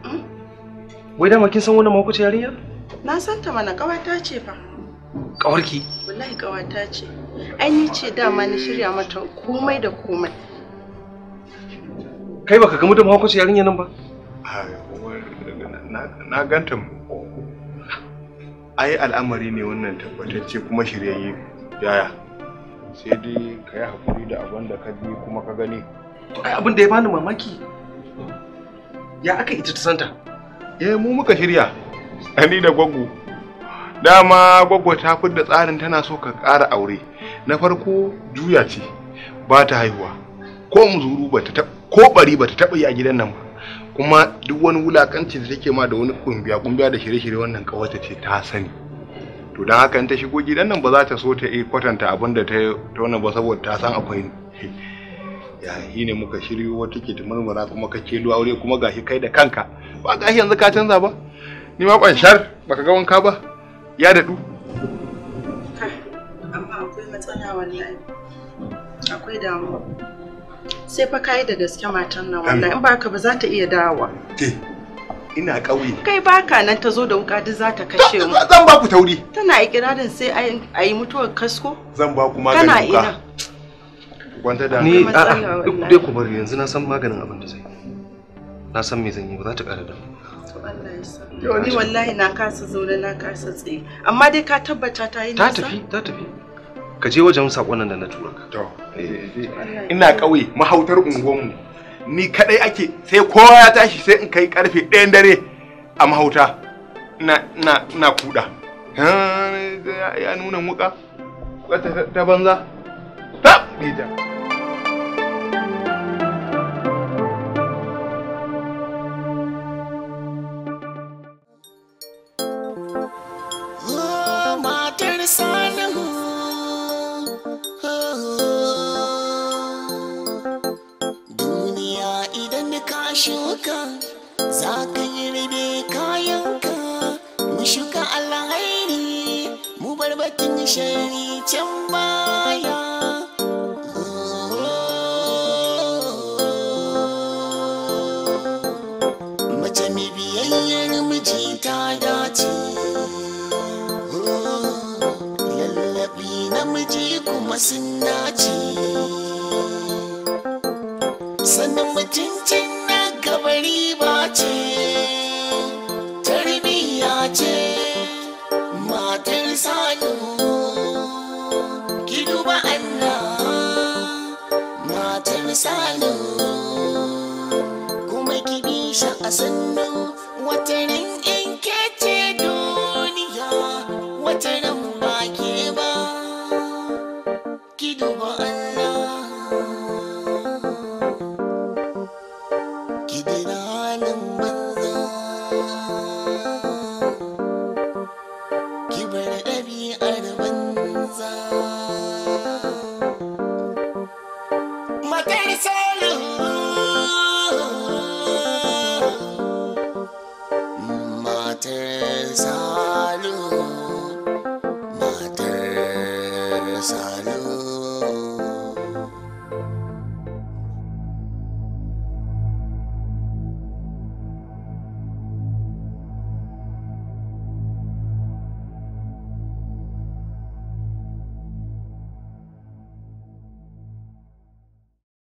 Wai dama kin san wannan makwacin yarinya? Na san ta mana kawata ce fa. Kawarki? Wallahi kawata ce. An yi ce dama ni shirya mata komai da komai. Kai baka ga mutum makwacin yarinya nan ba? Na ganta ai al'amari ne wannan tabbatacce kuma shiryayye yaya sai dai ka yi hakuri da abin da ka ji kuma ka gani to ai abin da ya bani mamaki ya aka ita ta santa eh mu muka shirya ni da gwaggo dama gwaggo ta da tsarin tana so ka ƙara aure na farko juya ce ba ta haihuwa ko muzuru ba ta ko bari ba ta taɓa yi a gidan nan ba kuma duk wani wulakanci da take ma da wani kumbiya kumbiya da shirye-shirye wannan kawata ce ta sani to don haka in ta shigo gidan nan ba za ta so ta kwatanta abin da ta wannan ba saboda ta san akwai yayi ne muka shiryo wata ke ta murmura kuma ka ke aure kuma gashi kai da kanka ba gashi yanzu ka canza ba ni ma kwanshar baka ga wanka ba ya dadu amma akwai matsala wallahi akwai damuwa sai fa kai da gaske matan nan wallahi in ba ka ba za ta iya dawowa ke ina ƙauye. Kai baka nan ta zo da wuka duk za ta kashe mu. Zan ba ku tauri. Tana ikirarin sai a yi mutuwar kasko. Zan ba ku maganin wuka. Kana ina. Gwanda da ni a duk dai ku bari yanzu na san maganin abin da zai. Na san me zan yi ba za ta ƙara da mu. Ni wallahi na kasa zaune na kasa tsaye amma dai ka tabbata ta yi nisa. Ta tafi ta tafi. Ka je wajen sakon nan da na tura ka. To. Eh, eh, eh. Ina ƙauye mahautar unguwanmu. Ni kadai ake sai kowa ya tashi sai in kai ƙarfe ɗayan dare a mahauta. Na na na kuɗa. Ya nuna muka ta banza. tab gida matar idan ka shuka za kayanka mu mu barbatin shari can baya masinnaci sannan mutuncin na gabari ba ce tarbiyya ce matar sanu ki duba Allah matar sanu kuma ki bi a sannu wata